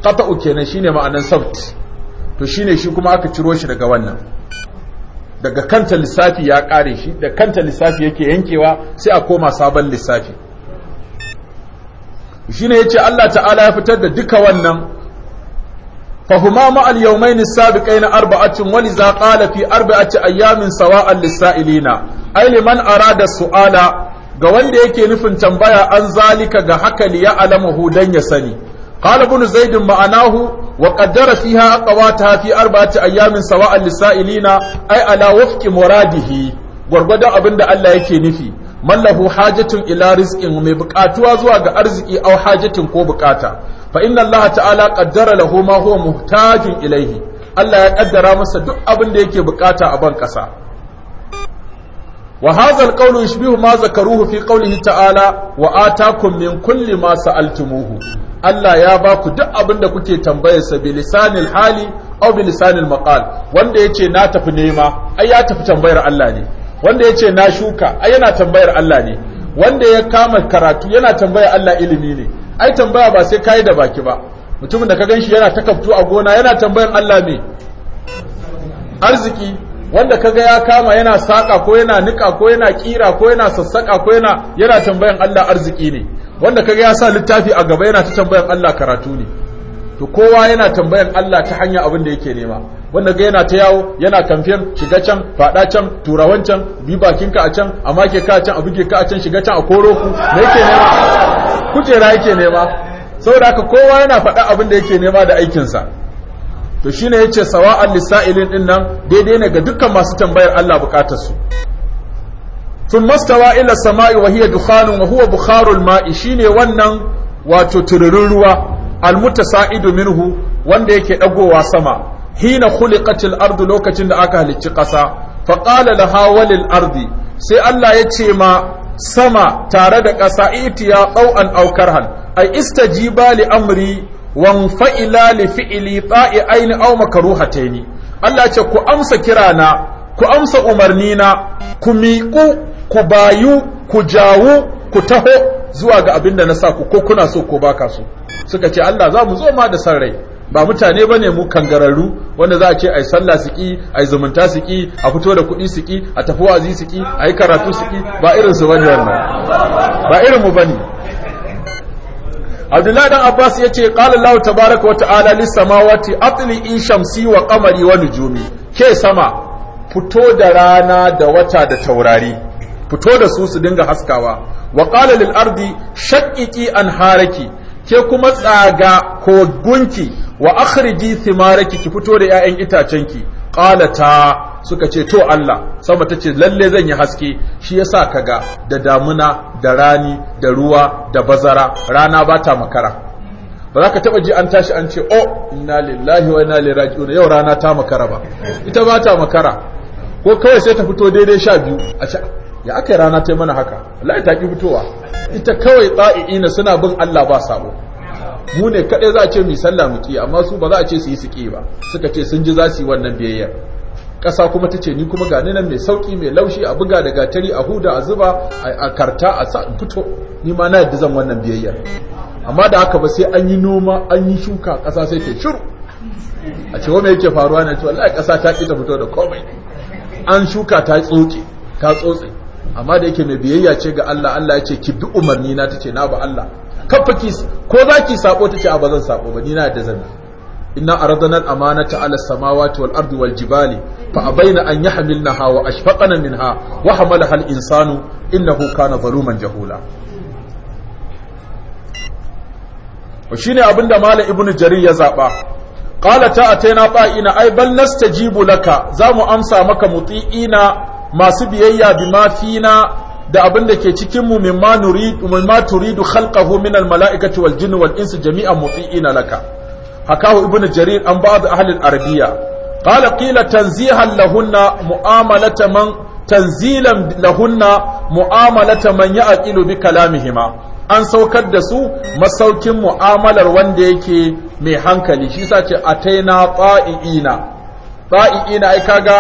qata'u kenan shine ma'anar sabt to shine shi kuma aka ciro shi daga wannan daga kanta lissafi ya kare shi da kanta lissafi yake yankewa sai a koma sabon lissafi shine ce Allah ta'ala ya fitar da duka wannan fahuma ma al-yawmayn kai na arba'atun wa liza qala fi arba'ati ayyamin sawa'an lis-sa'ilina ay ara da su'ala ga wanda yake nufin tambaya an zalika ga haka li alama dan ya sani qala ibn zaid ma'anahu wa qaddara fiha ta fi arba'ati ayyamin sawa'an lis-sa'ilina Ai ala wafqi muradihi gwargwadon abinda Allah yake nufi mallahu hajatun ila rizqin mai buƙatuwa zuwa ga arziki au hajatin ko buƙata fa inna Allaha ta'ala qaddara lahu ma huwa ilaihi Allah ya kaddara masa duk abin da yake buƙata a ban ƙasa wa hadha alqawlu yushbihu ma zakaruhu fi qawlihi ta'ala wa ataakum min kulli ma sa'altumuhu Allah ya ba ku duk abin da kuke tambayarsa bi lisanil hali aw bi lisanil maqal wanda yace na tafi nema ai ya tafi tambayar Allah ne wanda ya ce na shuka ai yana tambayar Allah ne wanda ya kama karatu yana tambayar Allah ilimi ne ai tambaya ba sai kai da baki ba mutumin da ka ganshi yana takaftu a gona yana tambayar Allah ne. arziki wanda kaga ya kama yana saka ko yana nika ko yana kira ko yana sassaka ko yana yana tambayan Allah arziki ne wanda kaga ya sa littafi a gaba yana ta tambayar Allah karatu ne to kowa yana tambayan Allah ta hanyar abin da yake nema wanda ga yana ta yawo yana kamfen shiga can fada can tura wancan bi bakin ka a can amma ke ka can abuge ka a can shiga can a koro ku me yake nema kujera yake nema saboda haka kowa yana faɗa abin da yake nema da aikin sa to shine yace sawa'an lisailin din nan daidai ne ga dukkan masu tambayar Allah bukatar su ثم استوى إلى السماء wa دخان ma'i shine wannan wato tururin ruwa. almutasa'idu minhu wanda yake ɗagowa sama hina khuliqatil ardu lokacin da aka halicci ƙasa fa qala laha walil ardi sai Allah ya ce ma sama tare da ƙasa itiya ɗau'an aukar hal ai istajiba li amri wan fa'ila li fi'ili ta'i aini au makaruhataini Allah ce ku amsa kirana ku amsa umarnina ku miƙu ku bayu ku jawu ku taho zuwa ga abin da na sa ku ko kuna so ko baka so suka ce Allah za mu zo ma da san rai ba mutane bane mu kangararru wanda za a ce ai sallah siki ai zumunta siki a fito da kuɗi siki a tafi wazi siki ai karatu siki ba irin su bane wannan ba irin mu bane Abdullahi dan Abbas yace qala Allah tabaaraka wa ta'ala lis samawati atli shamsi wa qamari wa nujumi ke sama fito da rana da wata da taurari fito da su su dinga haskawa wa qala lil ardi an haraki ke kuma tsaga ko gunki wa akhriji thimaraki ki fito da 'ya'yan itacenki ta suka ce to Allah sama ta ce lalle zan yi haske shi yasa kaga da damuna da rani da ruwa da bazara rana ba makara ba za ka taba ji an tashi an ce oh inna lillahi wa inna ilaihi raji'un yau rana ta makara ba ita ba makara ko kawai sai ta fito daidai sha biyu a ce ya aka rana ta mana haka Allah ta ki fitowa ita kawai tsa'i'ina suna bin Allah ba sabo mu ne kadai za a ce mu sallah mu ki amma su ba za a ce su yi suki ba suka ce sun ji za su yi wannan biyayya kasa kuma ta ni kuma ga nan mai sauki mai laushi a buga da gatari a huda a zuba a karta a sa fito ni ma na yadda zan wannan biyayya amma da haka ba sai an yi noma an yi shuka ƙasa sai ta shiru a ce wanda yake faruwa ne to wallahi ƙasa ta ƙi ta fito da komai an shuka ta tsoke ta tsotse amma da yake mai biyayya ce ga Allah Allah ya ce ki bi umarni na tace na ba Allah kafa ki ko zaki sako tace a bazan sako ba ni na yadda zan inna aradna al-amanata ala samawati wal ardi wal jibali fa abaina an yahmilnaha wa ashfaqana minha wa hamalaha al-insanu innahu kana zaluman jahula wa shine abinda malam ibnu jarir ya zaba qala ta ataina ina ay bal nastajibu laka zamu amsa maka muti'ina masu biyayya bima fina da abin da ke cikin mu mimma nuridu mimma turidu khalqahu min al mala'ikati wal jinni wal insi jami'an muti'ina laka hakahu ibnu jarir an ba'd ahli al arabiyya qala qila tanzihan lahunna mu'amalata man tanzilan lahunna mu'amalata man ya'qilu bi kalamihima an saukar da su masaukin mu'amalar wanda yake mai hankali shi sa ce ataina ta'i'ina ta'i'ina ai kaga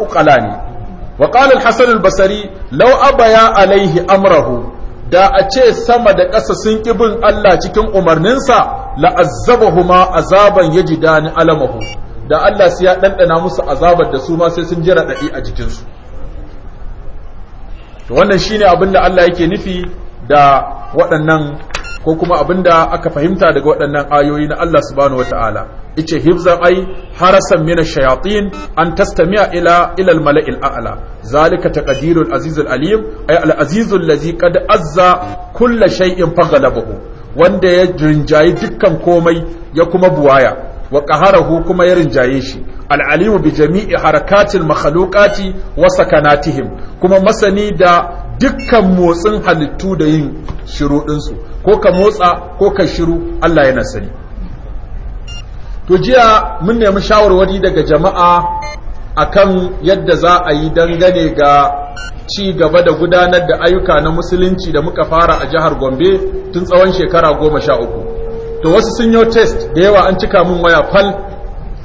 uqala ne وقال الحسن البصري لو ابى عليه امره alaihi amrahu da a ce sama da ƙasa sun bin Allah cikin umarninsa la azabahuma azaban dani alamahu da Allah su ya ɗanɗana musu azabar da su ma sai sun jira raɗaɗi a jikinsu wannan shine abin da Allah yake nufi da waɗannan ko kuma abinda aka fahimta daga waɗannan ayoyi na Allah subhanahu wata'ala ice hifzan ai harasan mina shayatin an tastami'a ila ilal mala'il a'la zalika taqdirul azizul alim ay al azizul ladzi qad azza kulla shay'in faghalabahu wanda ya rinjayi dukkan komai ya kuma buwaya wa qaharahu kuma ya rinjaye shi al alimu bi jami'i harakatil makhluqati wa sakanatihim kuma masani da dukkan motsin halittu da yin shiru ɗinsu ko ka motsa ko ka shiru Allah yana sani to jiya mun nemi shawarwari daga jama'a akan yadda za a yi dangane ga ci gaba da gudanar da ayyuka na musulunci da muka fara a jihar gombe tun tsawon shekara goma sha uku to wasu sun yi test da yawa an cika mun waya fal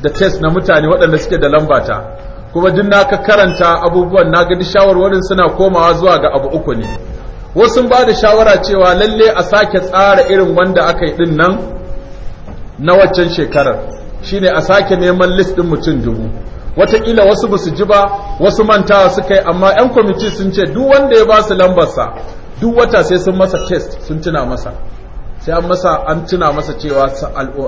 da test na mutane waɗanda suke da lambata kuma duk ka karanta abubuwan na ga shawarwarin suna komawa zuwa ga abu uku ne wasu ba da shawara cewa lalle a sake tsara irin wanda aka yi din nan na waccan shekarar shine a sake neman list din mutum dubu watakila wasu ba ji ba wasu mantawa suka yi amma 'yan kwamiti sun ce duk wanda ya ba su lambarsa duk wata sai sun masa test sun tuna masa sai an masa an tuna masa cewa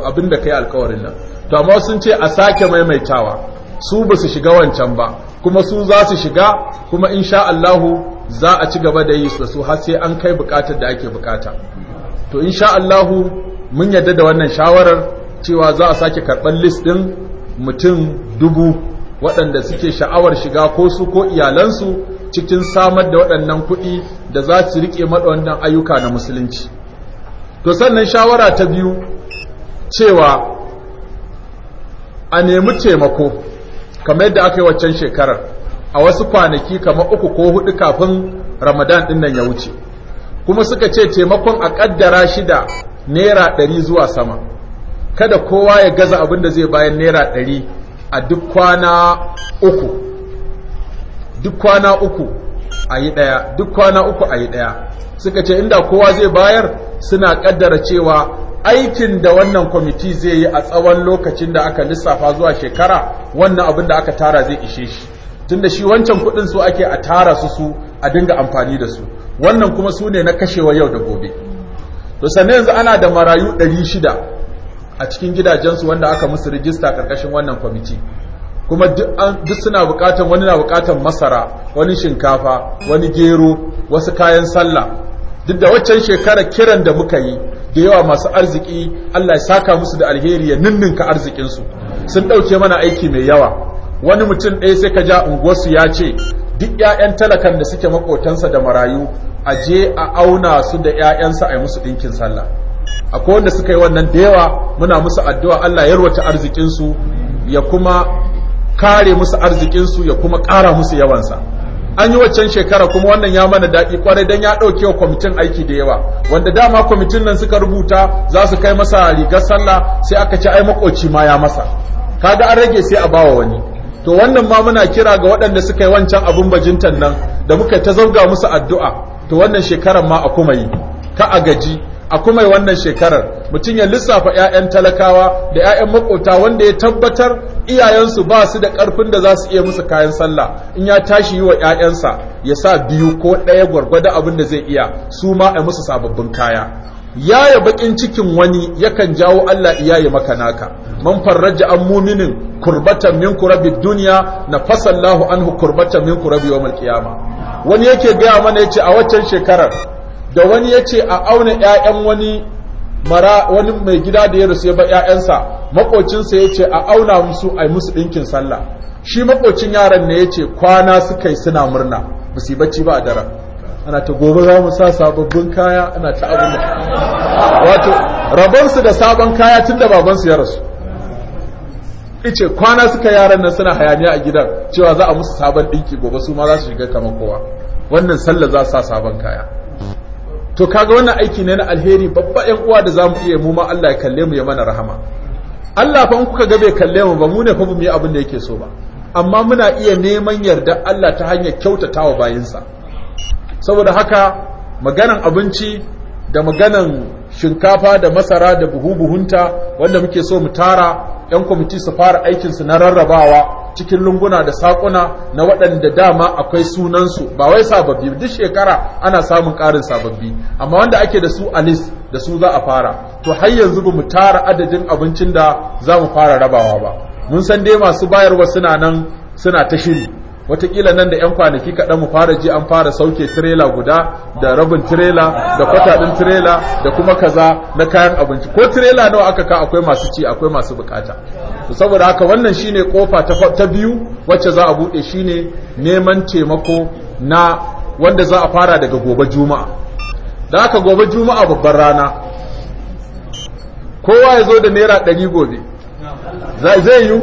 abin da ka yi alkawarin nan to amma sun ce a sake maimaitawa su ba su shiga wancan ba kuma su za su shiga kuma insha Allahu za a ci gaba da yi su su har sai an kai bukatar da ake bukata to insha Allahu mun yarda da wannan shawarar cewa za a sake karɓar list ɗin mutum dubu waɗanda suke sha'awar shiga ko su ko iyalansu cikin samar da waɗannan kuɗi da za su riƙe waɗannan ayyuka na musulunci to sannan shawara ta biyu cewa a nemi taimako kamar yadda aka yi waccan shekarar a wasu kwanaki kamar uku ko hudu kafin ramadan din nan ya wuce kuma suka ce taimakon a kaddara shida naira ɗari zuwa sama kada kowa ya gaza abin da zai bayan naira ɗari a duk kwana uku duk kwana uku a yi ɗaya duk kwana uku a yi ɗaya suka ce inda kowa zai bayar suna kaddara cewa aikin da wannan kwamiti zai yi a tsawon lokacin da aka lissafa zuwa shekara wannan abin da aka tara zai ishe shi tunda shi wancan kudin su ake a tara su su a dinga amfani da su wannan kuma su ne na kashewa yau da gobe to sannan yanzu ana da marayu 600 a cikin gidajensu wanda aka musu rijista karkashin wannan kwamiti kuma duk suna bukatan wani na bukatan masara wani shinkafa wani gero wasu kayan sallah duk da waccan shekara kiran da muka yi da yawa masu arziki Allah ya saka musu da alheri ya ninninka arzikinsu sun ɗauke mana aiki mai yawa wani mutum ɗaya sai ka ja unguwarsu ya ce duk 'ya'yan talakan da suke makotansa da marayu a je a auna su da 'ya'yansa a yi musu ɗinkin sallah akwai wanda suka yi wannan da yawa muna musu addu'a Allah ya ruwata arzikinsu ya kuma kare musu arzikinsu ya kuma ƙara musu yawansa an yi waccan shekara kuma wannan ya mana daɗi kwarai don ya ɗauke wa kwamitin aiki da yawa wanda dama kwamitin nan suka rubuta za su kai masa rigar sallah sai aka ci ai makoci ma ya masa kaga an rage sai a bawa wani to wannan ma muna kira ga waɗanda suka yi wancan abun bajintan nan da muka ta zauga musu addu'a to wannan shekarar ma a kuma yi ka a gaji a kuma yi wannan shekarar mutum ya lissafa 'ya'yan talakawa da 'ya'yan makota wanda ya tabbatar iyayensu ba su da ƙarfin da za su iya musu kayan sallah in ya tashi yi wa ‘ya'yansa ya sa biyu ko ɗaya gwargwada abin da zai iya su ma a musu sababbin kaya Ya yaya baƙin cikin wani yakan jawo Allah iya ya maka naka man farraja an muminin kurbatan min kurabi duniya na fasallahu anhu kurbatan min kurabi yawmal qiyama wani yake gaya mana yace a waccan shekarar da wani yace a auna 'ya'yan wani mara wani mai gida da ya rasu ya ba ƴaƴansa makocinsa ya ce a auna musu a musu ɗinkin sallah shi makocin yaran ne ya ce kwana suka yi suna murna ba su bacci ba a daren ana ta gobe za mu sa sababbin kaya ana ta abin da wato rabonsu da sabon kaya tun da babansu ya rasu ice kwana suka yaran nan suna hayaniya a gidan cewa za a musu sabon ɗinki gobe su ma za su shiga kamar kowa wannan sallah za su sa sabon kaya to kaga wannan aiki ne na alheri babba ƴan uwa da zamu iya mu ma Allah ya kalle mu ya mana rahama Allah fa in kuka ga bai kalle mu ba mu ne fa mu yi abin da yake so ba amma muna iya neman yarda Allah ta hanyar kyautatawa bayinsa saboda haka maganan abinci da maganan shinkafa da masara da buhu buhunta wanda muke so mu tara yan kwamiti su fara aikinsu na rarrabawa cikin lunguna da sakuna na waɗanda dama akwai sunansu ba wai sababbi duk shekara ana samun ƙarin sababbi amma wanda ake da su a list da su za a fara to har yanzu ba mu tara adadin abincin da za mu fara rabawa ba mun san dai masu bayarwa suna nan suna ta shiri watakila nan da 'yan kwanaki kaɗan mu fara ji an fara sauke tirela guda da rabin tirela da kwataɗin tirela da kuma kaza na kayan abinci ko tirela nawa aka ka akwai masu ci akwai masu bukata saboda haka wannan shine kofa ta biyu wacce za a buɗe shine neman taimako na wanda za a fara daga gobe juma'a da haka gobe juma'a babbar rana kowa ya zo da naira ɗari gobe zai yiwu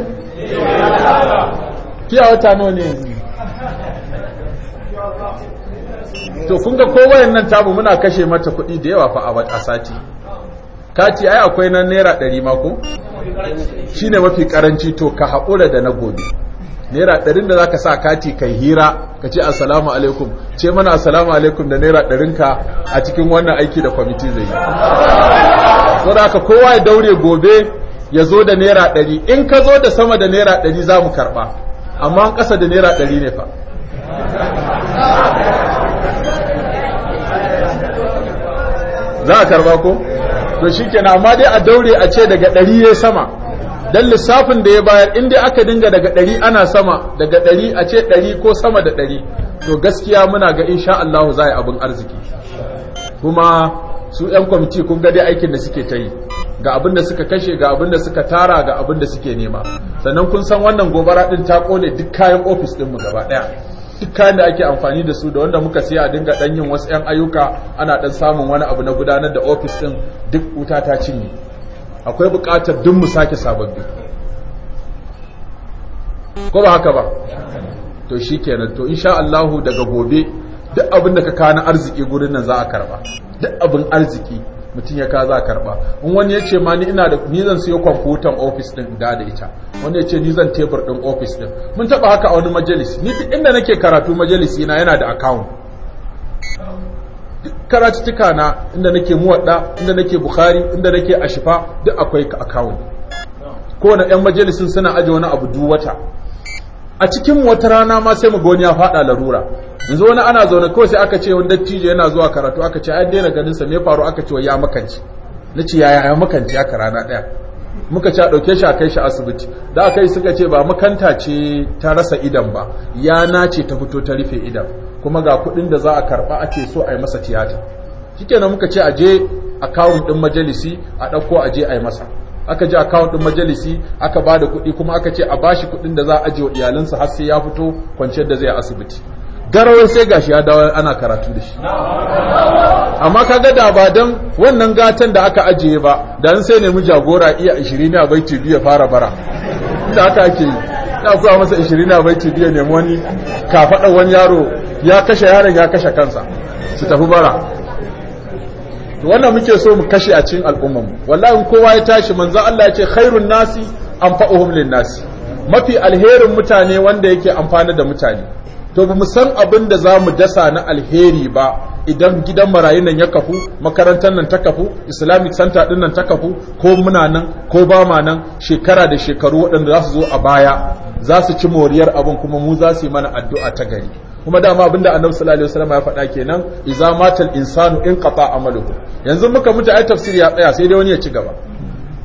kiya wata nawa ne yanzu to kun ga ko nan tabu muna kashe mata kuɗi da yawa fa a sati kati ai akwai nan naira ɗari ma ko shine mafi karanci to ka haƙura da na gobe naira 100 da zaka sa kati kai hira ka ce assalamu alaikum ce mana assalamu alaikum da naira 100 ka a cikin wannan aiki da kwamiti zai yi da haka kowa ya daure gobe ya zo da naira ɗari, in ka zo da sama da naira ɗari za mu karba amma an ƙasa da naira ɗari ne fa za a karba ko to shi na amma dai a daure a ce daga ɗari ya sama don lissafin da ya bayar inda aka dinga daga ɗari ana sama daga ɗari a ce ɗari ko sama da ɗari to gaskiya muna ga insha Allah za a abin arziki kuma su 'yan kwamiti kun ga dai aikin da suke ta yi ga abin da suka kashe ga abin da suka tara ga abin da suke nema sannan kun san wannan gobara ɗin ta ƙone duk kayan ofis ɗinmu gaba ɗaya duk kayan da ake amfani da su da wanda muka siya a dinga dan yin wasu yan ayyuka ana dan samun wani abu na gudanar da office din duk wuta ta cinye akwai buƙatar duk mu sake sababbi ko ba haka ba to shikenan to insha Allah daga gobe duk abin da ka kana arziki gurin nan za a karba duk abin arziki mutum ya ka za karba in wani ya ce ma ni ina da nizan siyo kwamfutan ofis din da da ita wani ya ce ni tebur din ofis din mun taba haka a wani majalis ni duk inda nake karatu majalis yana da account duk karatuttuka na inda nake muwadda inda nake bukhari inda nake ashifa duk akwai account kowane yan majalisin suna aje wani abu duk wata a cikin wata rana ma sai mu ga ya faɗa larura yanzu wani ana zaune kawai sai aka ce wani dattijo yana zuwa karatu aka ce an daina ganin sa me faru aka ce ya makanci na ya ya makanci ya rana daya muka ce a dauke shi a kai shi asibiti da aka yi suka ce ba makanta ce ta rasa idan ba ya nace ta fito ta rufe idan kuma ga kuɗin da za a karɓa ake so a yi masa tiyata shikenan muka ce a je akawun ɗin majalisi a ɗauko a je a yi masa aka ji akawun ɗin majalisi aka bada da kuɗi kuma aka ce a bashi kuɗin da za a ajiye wa iyalinsa har sai ya fito kwanciyar da zai asibiti garawai sai gashi ya dawo ana karatu da shi amma kaga da ba dan wannan gatan da aka ajiye ba da sai nemi jagora iya 20 a baiti biya fara bara da haka ake yi na kuwa masa 20 a baiti biya nemi wani kafaɗa wani yaro ya kashe yaron ya kashe kansa su tafi bara wannan muke so mu kashe a cikin al'umman wallahi kowa ya tashi manzo Allah ce khairun nasi anfa'uhum lin nasi mafi alherin mutane wanda yake amfana da mutane to ba mu san abin da za mu dasa na alheri ba idan gidan marayu nan ya kafu makarantar nan ta kafu islamic center din nan ta kafu ko muna nan ko ba ma nan shekara da shekaru waɗanda za su zo a baya za su ci moriyar abin kuma mu za su yi mana addu'a ta gari kuma dama abinda annabi sallallahu alaihi wasallam ya faɗa kenan iza matal insanu in qata amaluhu yanzu muka mutu ai tafsir ya tsaya sai dai wani ya ci gaba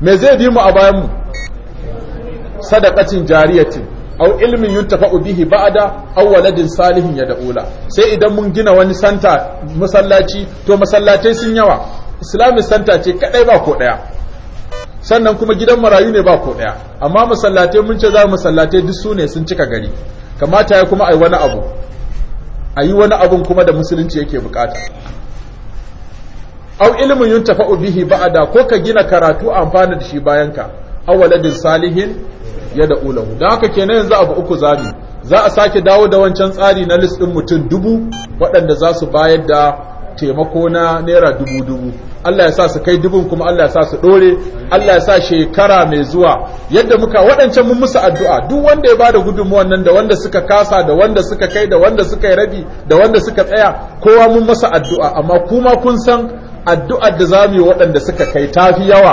me zai bi mu a bayan mu sadaqatin jariyatin aw ilmin yuntafa'u bihi ba'da aw waladin salihin yad'ula sai idan mun gina wani santa masallaci to masallatai sun yawa islamic santa ce kadai ba ko daya sannan kuma gidan marayu ne ba ko daya amma masallatai mun ce za mu masallatai duk su ne sun cika gari kamata ya kuma ai wani abu ayi wani abun kuma da musulunci yake bukata aw ilmin yuntafa'u bihi ba'da ko ka gina karatu amfana da shi bayan ka aw waladin salihin ya da ulahu don haka kenan yanzu abu uku zabi za a sake dawo da wancan tsari na list ɗin mutum dubu waɗanda za su bayar da taimako na naira dubu dubu Allah ya sa su kai dubun kuma Allah ya sa su ɗore Allah ya sa shekara mai zuwa yadda muka waɗancan mun musu addu'a duk wanda ya bada gudunmuwan nan da wanda suka kasa da wanda suka kai da wanda suka yi rabi da wanda suka tsaya kowa mun masa addu'a amma kuma kun san addu'ar da zamu yi waɗanda suka kai tafi yawa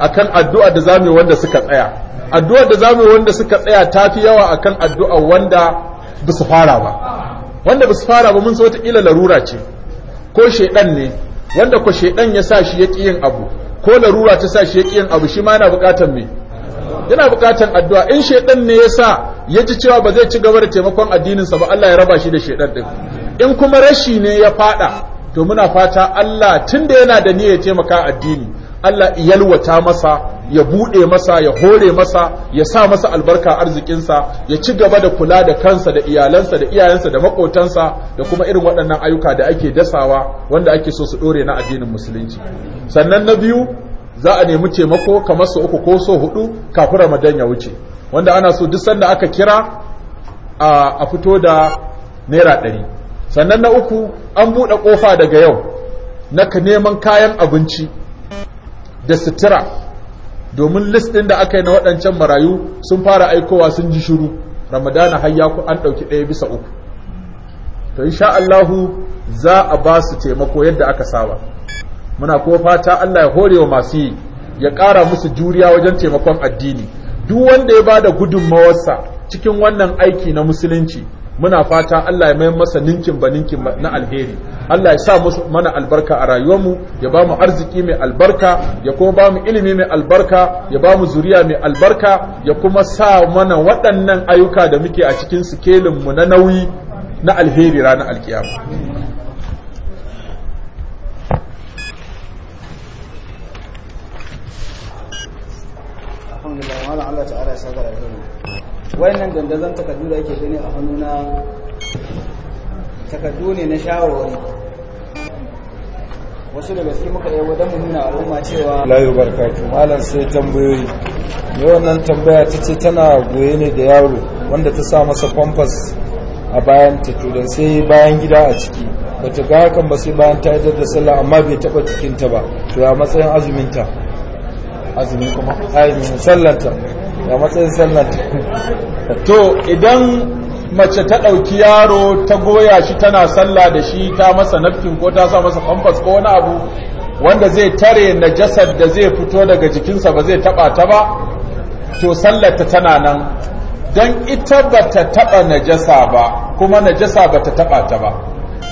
akan addu'ar da zamu yi wanda suka tsaya addu'ar da zamu wanda suka tsaya fi yawa akan addu'a wanda ba su fara ba wanda ba su fara ba mun so ta kila larura ce ko shedan ne wanda ko shedan ya sa shi ya yin abu ko larura ta sa shi ya yin abu shi ma yana buƙatar me yana buƙatar addu'a in shaiɗan ne ya sa ya ji cewa ba zai ci gaba da taimakon addininsa ba Allah ya raba shi da shedan din in kuma rashi ne ya faɗa, to muna fata Allah tunda yana da ya taimaka addini Allah yalwata masa ya buɗe masa ya hore masa ya sa masa albarka arzikinsa ya ci gaba da kula da kansa da iyalansa da iyayensa da makotansa da kuma irin waɗannan ayyuka da ake dasawa wanda ake so su dore na addinin musulunci sannan na biyu za a nemi taimako kamar su uku ko so hudu kafin ramadan ya wuce wanda ana so duk sanda aka kira a fito da naira ɗari sannan na uku an buɗe ƙofa daga yau na neman kayan abinci da sutura domin list ɗin da aka yi na waɗancan marayu sun fara aikowa sun ji shuru. ramadana har ya ku an ɗauki ɗaya bisa uku to insha Allahu za a ba su taimako yadda aka saba muna ko fata Allah ya horewa masu yi ya ƙara musu juriya wajen taimakon addini duk wanda ya ba da gudunmawarsa cikin wannan aiki na musulunci muna fata Allah ya mayar masa ninkin ba ninkin na alheri Allah ya sa musu mana albarka a rayuwarmu ya ba mu arziki mai albarka ya kuma ba mu ilimi mai albarka ya ba mu zuriya mai albarka ya kuma sa mana waɗannan ayyuka da muke a cikin sikelinmu na nauyi na alheri ranar alkiyama wayannan dandazon takardu da yake gani a hannuna takardu ne na shawarwari wasu daga cikin muka yi wadanda nuna al'umma cewa layu barkatu malam sai tambayoyi ne wannan tambaya ta ce tana goye ne da yaro wanda ta sa masa kwamfas a bayan tato da sai bayan gida a ciki ba ta ga hakan ba sai bayan ta yi da sallah amma bai taba cikinta ba to ya matsayin azuminta azumin kuma ainihin sallanta a matsayin sallar to idan mace ta ɗauki yaro ta goya shi tana sallah da shi ta masa nafkin ko ta sa masa famfas ko wani abu wanda zai tare na najasar da zai fito daga jikinsa ba zai taɓa ta ba to sallarta tana nan don ita ba ta taɓa najasa ba kuma najasa ba ta taɓa ta ba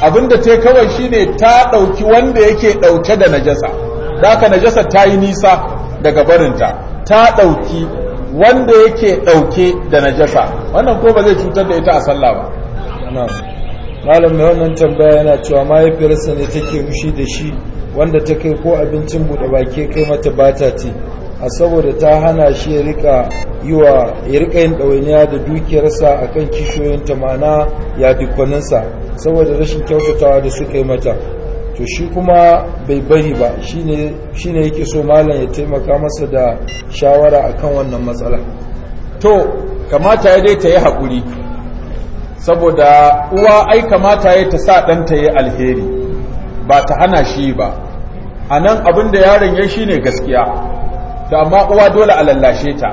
abinda ta kawai shi ne ta ɗauki wanda yake ɗauke da najasa da haka najasa ta yi nisa daga barinta ta ɗauki wanda yake dauke da najasa wannan ko ba zai cutar da ita a sallah ba malam mai wannan tambaya yana cewa mahaifiyarsa ne take rushi da shi wanda ta kai ko abincin buɗe baki kai mata bata ce a saboda ta hana shi ya rika yin ɗawainiya da dukiyarsa a kan kishiyoyinta ma'ana ya dukkaninsa saboda rashin kyautatawa da suka yi mata to shi kuma bai bari ba shi ne yake so malam ya taimaka masa da shawara akan wannan matsala to kamata ya dai ta yi haƙuri saboda uwa ai kamata ya ta sa ɗanta ya alheri ba ta hana shi ba a nan abin da yaron ya shi ne gaskiya da amma uwa dole a lallashe ta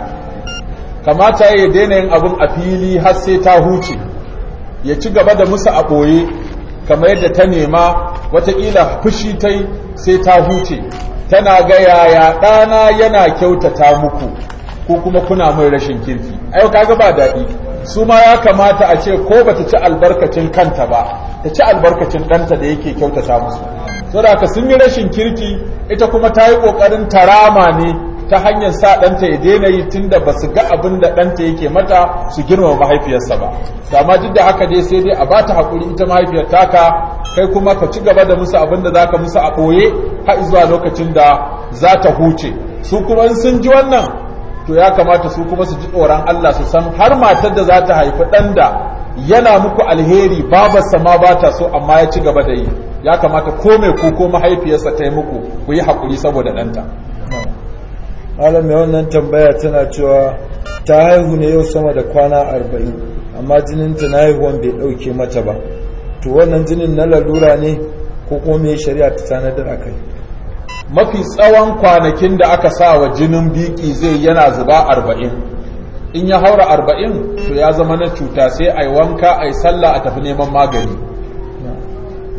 kamata ya daina yin abin a fili har sai ta huce ya ci gaba da musu a ɓoye kamar yadda ta nema Wataƙila fushi ta yi sai ta huce tana ga yaya ɗana yana kyautata muku ko kuma kuna mai rashin kirki ayo kaga ba daɗi su ma ya kamata a ce ko ba ta ci albarkacin kanta ba ta ci albarkacin ɗanta da yake kyautata musu saboda ka sun yi rashin kirki ita kuma ta yi ƙoƙarin tarama ne ta hanyar sa ɗanta ya daina yi tun da ba su ga abin da ɗanta yake mata su girmama mahaifiyarsa ba amma duk da haka dai sai dai a ba ta haƙuri ita mahaifiyar taka kai kuma ka ci gaba da musu abin da za ka musu a ɓoye har zuwa lokacin da za ta huce su kuma sun ji wannan to ya kamata su kuma su ji tsoron Allah su san har matar da za ta haifi ɗan da yana muku alheri babarsa ma ba ta so amma ya ci gaba da yi ya kamata ko mai ko ko mahaifiyarsa ta yi muku ku yi haƙuri saboda ɗanta malam mai wannan tambaya tana cewa ta haihu ne yau sama da kwana arba'in amma jinin ta na haihuwan bai ɗauke mata ba to wannan jinin na lalura ne ko kuma mai shari'a ta tanadar a kai mafi tsawon kwanakin da aka sa wa jinin biki zai yana zuba arba'in in ya haura arba'in to ya zama na cuta sai a yi wanka a yi sallah a tafi neman magani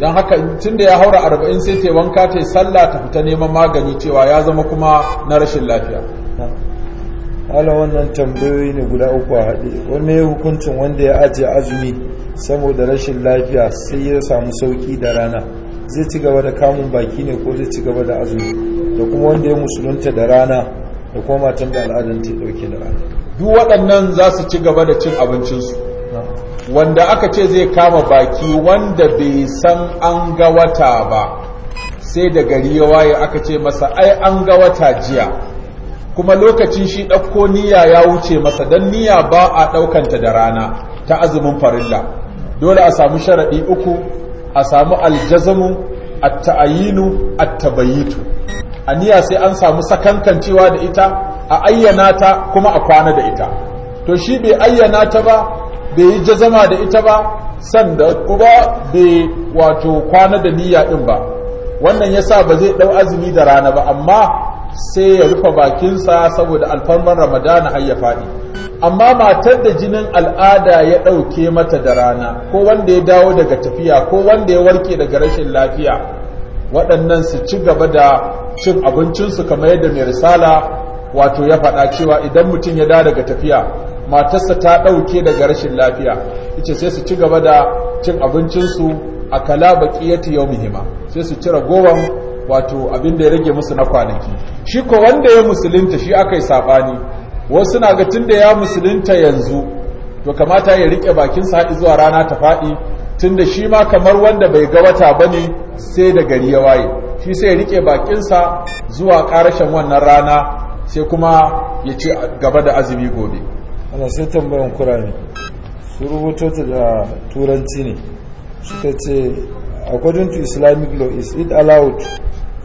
don haka tun da ya haura arba'in sai ta wanka ta yi sallah ta fita neman magani cewa ya zama kuma na rashin lafiya hala wannan tambayoyi ne guda uku a haɗe Wani hukuncin wanda ya ajiye azumi saboda rashin lafiya sai ya samu sauki da rana zai ci gaba da kamun baki ne ko zai ci gaba da azumi da kuma wanda ya musulunta da rana da kuma matan da al'adar ta ɗauke da rana duk waɗannan za su ci gaba da cin abincinsu wanda aka ce zai kama baki wanda bai san an ga wata ba sai da gari ya waye aka ce masa ai an ga wata jiya kuma lokacin shi ɗauko niyya ya wuce masa don niyya ba a ɗaukanta da rana ta azumin farilla dole a samu sharaɗi uku a samu aljazamu a attabayitu a niyya sai an samu sakankancewa da ita a ayyana ta kuma a kwana da ita to shi bai ayyana ta ba bai yi jazama da ita ba sanda kuma bai wato kwana da niyya din ba wannan yasa ba zai dau azumi da rana ba amma sai ya rufe bakinsa saboda alfarman ramadana har ya faɗi amma matar da jinin al'ada ya ɗauke mata da rana ko wanda ya dawo daga tafiya ko wanda ya warke daga rashin lafiya waɗannan su ci gaba da cin abincinsu kamar yadda mai risala wato ya faɗa cewa idan mutum ya dawo daga tafiya matarsa ta ɗauke daga rashin lafiya ita sai su ci gaba da cin abincinsu a kala baƙiyati yau muhimma sai su cire goban wato abin da ya rage musu na kwanaki shi ko wanda ya musulunta shi aka yi saɓani wasu na ga tun da ya musulunta yanzu to kamata ya riƙe bakinsa haɗi zuwa rana ta faɗi tun da shi ma kamar wanda bai ga wata ba ne sai da gari ya waye shi sai ya riƙe bakinsa zuwa ƙarashen wannan rana sai kuma ya ce gaba da azumi gobe ana sai tambayan kur'ani su rubuto ta da turanci ne ta ce according to islamic law is it allowed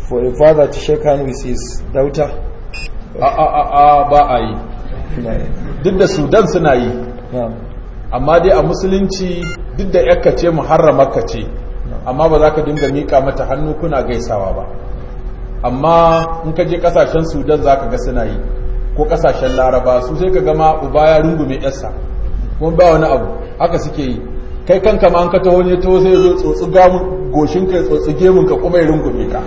for a father to shake hand with his daughter a a a a ba a yi duk da sudan suna yi amma dai a musulunci duk da yakka ce muharramarka ce amma ba za ka dinga miƙa mata hannu kuna gaisawa ba amma in ka je kasashen sudan za ka ga suna yi ko kasashen laraba su sai ka gama uba ya rungume yasa kuma ba wani abu haka suke yi kai kanka ma an ka taho ne to sai zo tsotsi gamun goshin ka tsotsi gemun ka kuma ya rungume ka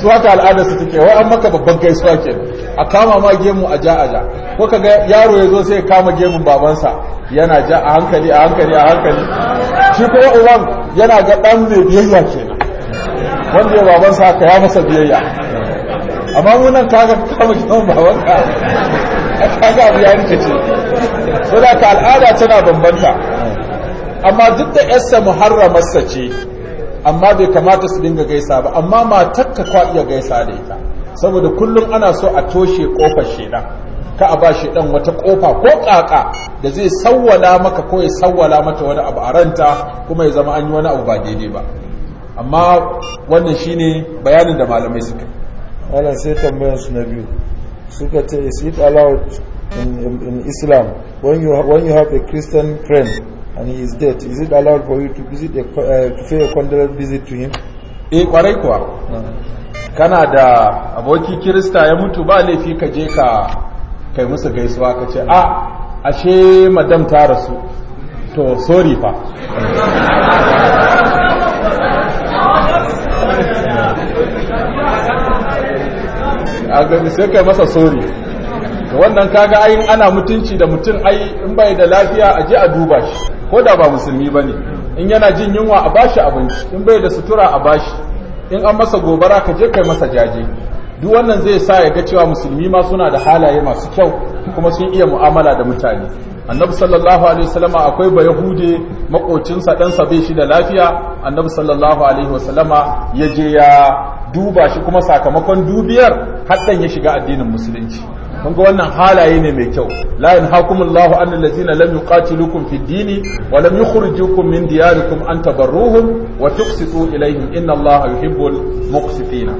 su haka al'ada su take wai an maka babban gaisuwa ke a kama ma gemu a ja a ja ko kaga yaro ya zo sai kama gemun babansa yana ja a hankali a hankali a hankali shi kuma uban yana ga dan mai biyayya kenan wanda ya babansa ka ya masa biyayya amma munan kaga kama gidan babanka kaga ya rike ka al'ada tana bambanta amma duk da yarsa muharramarsa ce amma bai kamata su dinga gaisa ba amma ka kwa iya gaisa da ita saboda kullum ana so a toshe kofar shedan ka a ba shi dan wata kofa ko kaka da zai sawwala maka ko ya sawwala mata wani abu a ranta kuma ya zama an yi wani abu ba daidai ba amma wannan shine bayanin da malamai suka wannan sai tambayar su na biyu suka ce is it allowed in, in, in islam when you, when you have a christian friend and he is dead is it allowed for you to visit a, uh, to pay a condolence visit to him eh kwarai kuwa ah. kana da aboki kirista ya mutu ba laifi ka je ka kai musu gaisuwa ka ce a ah, ashe madam ta rasu to sorry fa sai kai masa sori wannan kaga ayin ana mutunci da mutum ai in bai da lafiya a je a duba shi ko da ba musulmi bane in yana jin yunwa a bashi abinci in bai da sutura a bashi in an masa gobara ka je kai masa jaje duk wannan zai sa ya ga cewa musulmi ma suna da halaye masu kyau kuma sun iya mu'amala da mutane annabi sallallahu alaihi wasallama akwai ba yahude makocinsa ɗansa bai shi da lafiya annabi sallallahu alaihi wasallama ya je ya duba shi kuma sakamakon dubiyar haddan ya shiga addinin musulunci kun ga wannan halaye ne mai kyau la hakumullahu anil ladzina lam yuqatilukum fid dini wa lam yukhrijukum min diyarikum an tabarruhum wa tuqsitu ilayhim inna allaha yuhibbul muqsitina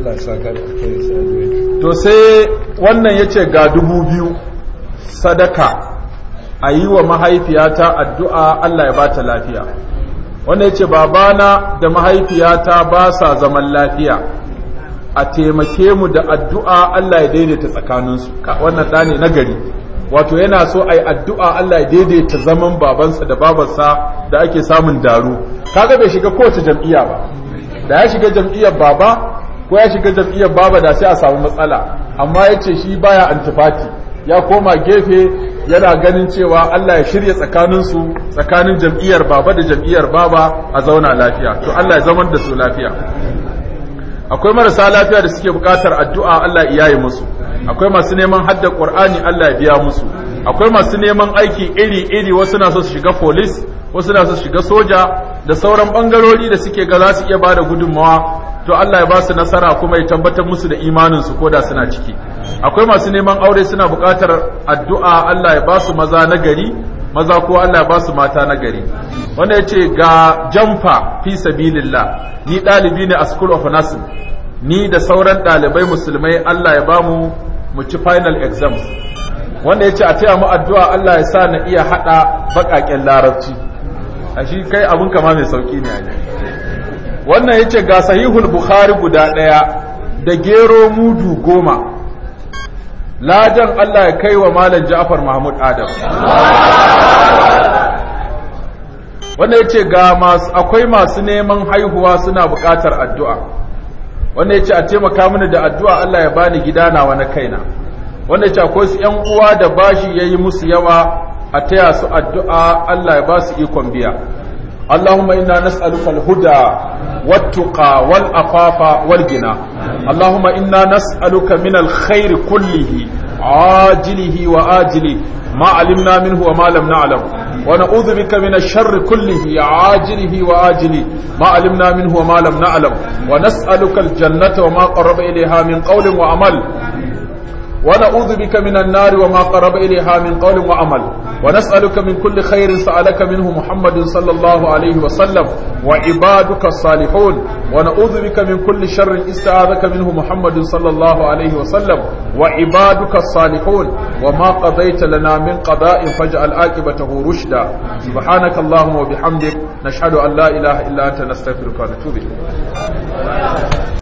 Allah ya saka kai sai to sai wannan ya ce ga dubu biyu sadaka a yi wa mahaifiyata addu'a Allah ya ba ta lafiya wannan ya ce babana da mahaifiyata ba sa zaman lafiya a taimake mu da addu'a Allah ya daidaita tsakaninsu wannan ɗane na gari wato yana so a yi addu'a Allah ya daidaita zaman babansa da babansa da ake samun daru kaga bai shiga kowace jam'iyya ba da ya shiga jam'iyyar baba ko ya shiga jam'iyyar baba da sai a samu matsala amma yace shi baya antifati ya koma gefe yana ganin cewa Allah ya shirya su tsakanin jam'iyyar baba da jam'iyyar baba a zauna lafiya to Allah ya zaman da su lafiya akwai marasa lafiya da suke bukatar addu'a Allah ya yi musu akwai masu neman hadda Qur'ani Allah ya biya musu akwai masu neman aiki iri-iri wasu na so su shiga folis wasu na so su shiga soja da sauran bangarori da suke ga za su iya bada gudunmawa to Allah ya ba su nasara kuma ya tabbatar musu da imanin su da suna ciki akwai masu neman aure suna buƙatar addu'a Allah ya ba su maza na gari maza ko Allah ya ba su mata na gari wanda yace ga jamfa fi sabilillah ni dalibi ne a school of nursing ni da sauran dalibai musulmai Allah ya ba mu mu ci final exams wanda ya ce a taya mu addu'a Allah ya sa na iya haɗa baƙaƙen larabci a shi kai abin kama mai sauki ne ne wannan ya ce ga sahihul bukhari guda ɗaya da gero mudu goma lajan Allah ya kai wa malam ja'far mahmud adam wanda ya ce ga masu akwai masu neman haihuwa suna buƙatar addu'a wanda ya ce a taimaka mini da addu'a Allah ya bani gidana na kaina wanda ce akwai su ‘yan uwa da bashi ya yi musu yawa a taya su addu'a Allah ya ba su ikon biya. Allahumma ina nas'alukal huda wattuqa wal afafa wal gina. Allahumma ina nas'aluka min alkhairi kullihi ajilihi wa ajili ma alimna minhu wa ma lam na'lam wa na'udhu bika min ash-sharri kullihi ajilihi wa ajili ma alimna minhu wa ma wa jannata wa ma qarraba ilayha min ونعوذ بك من النار وما قرب إليها من قول وعمل ونسألك من كل خير سألك منه محمد صلى الله عليه وسلم وعبادك الصالحون ونعوذ بك من كل شر استعاذك منه محمد صلى الله عليه وسلم وعبادك الصالحون وما قضيت لنا من قضاء فاجعل عاقبته رشدا سبحانك اللهم وبحمدك نشهد أن لا إله إلا أنت نستغفرك ونتوب إليك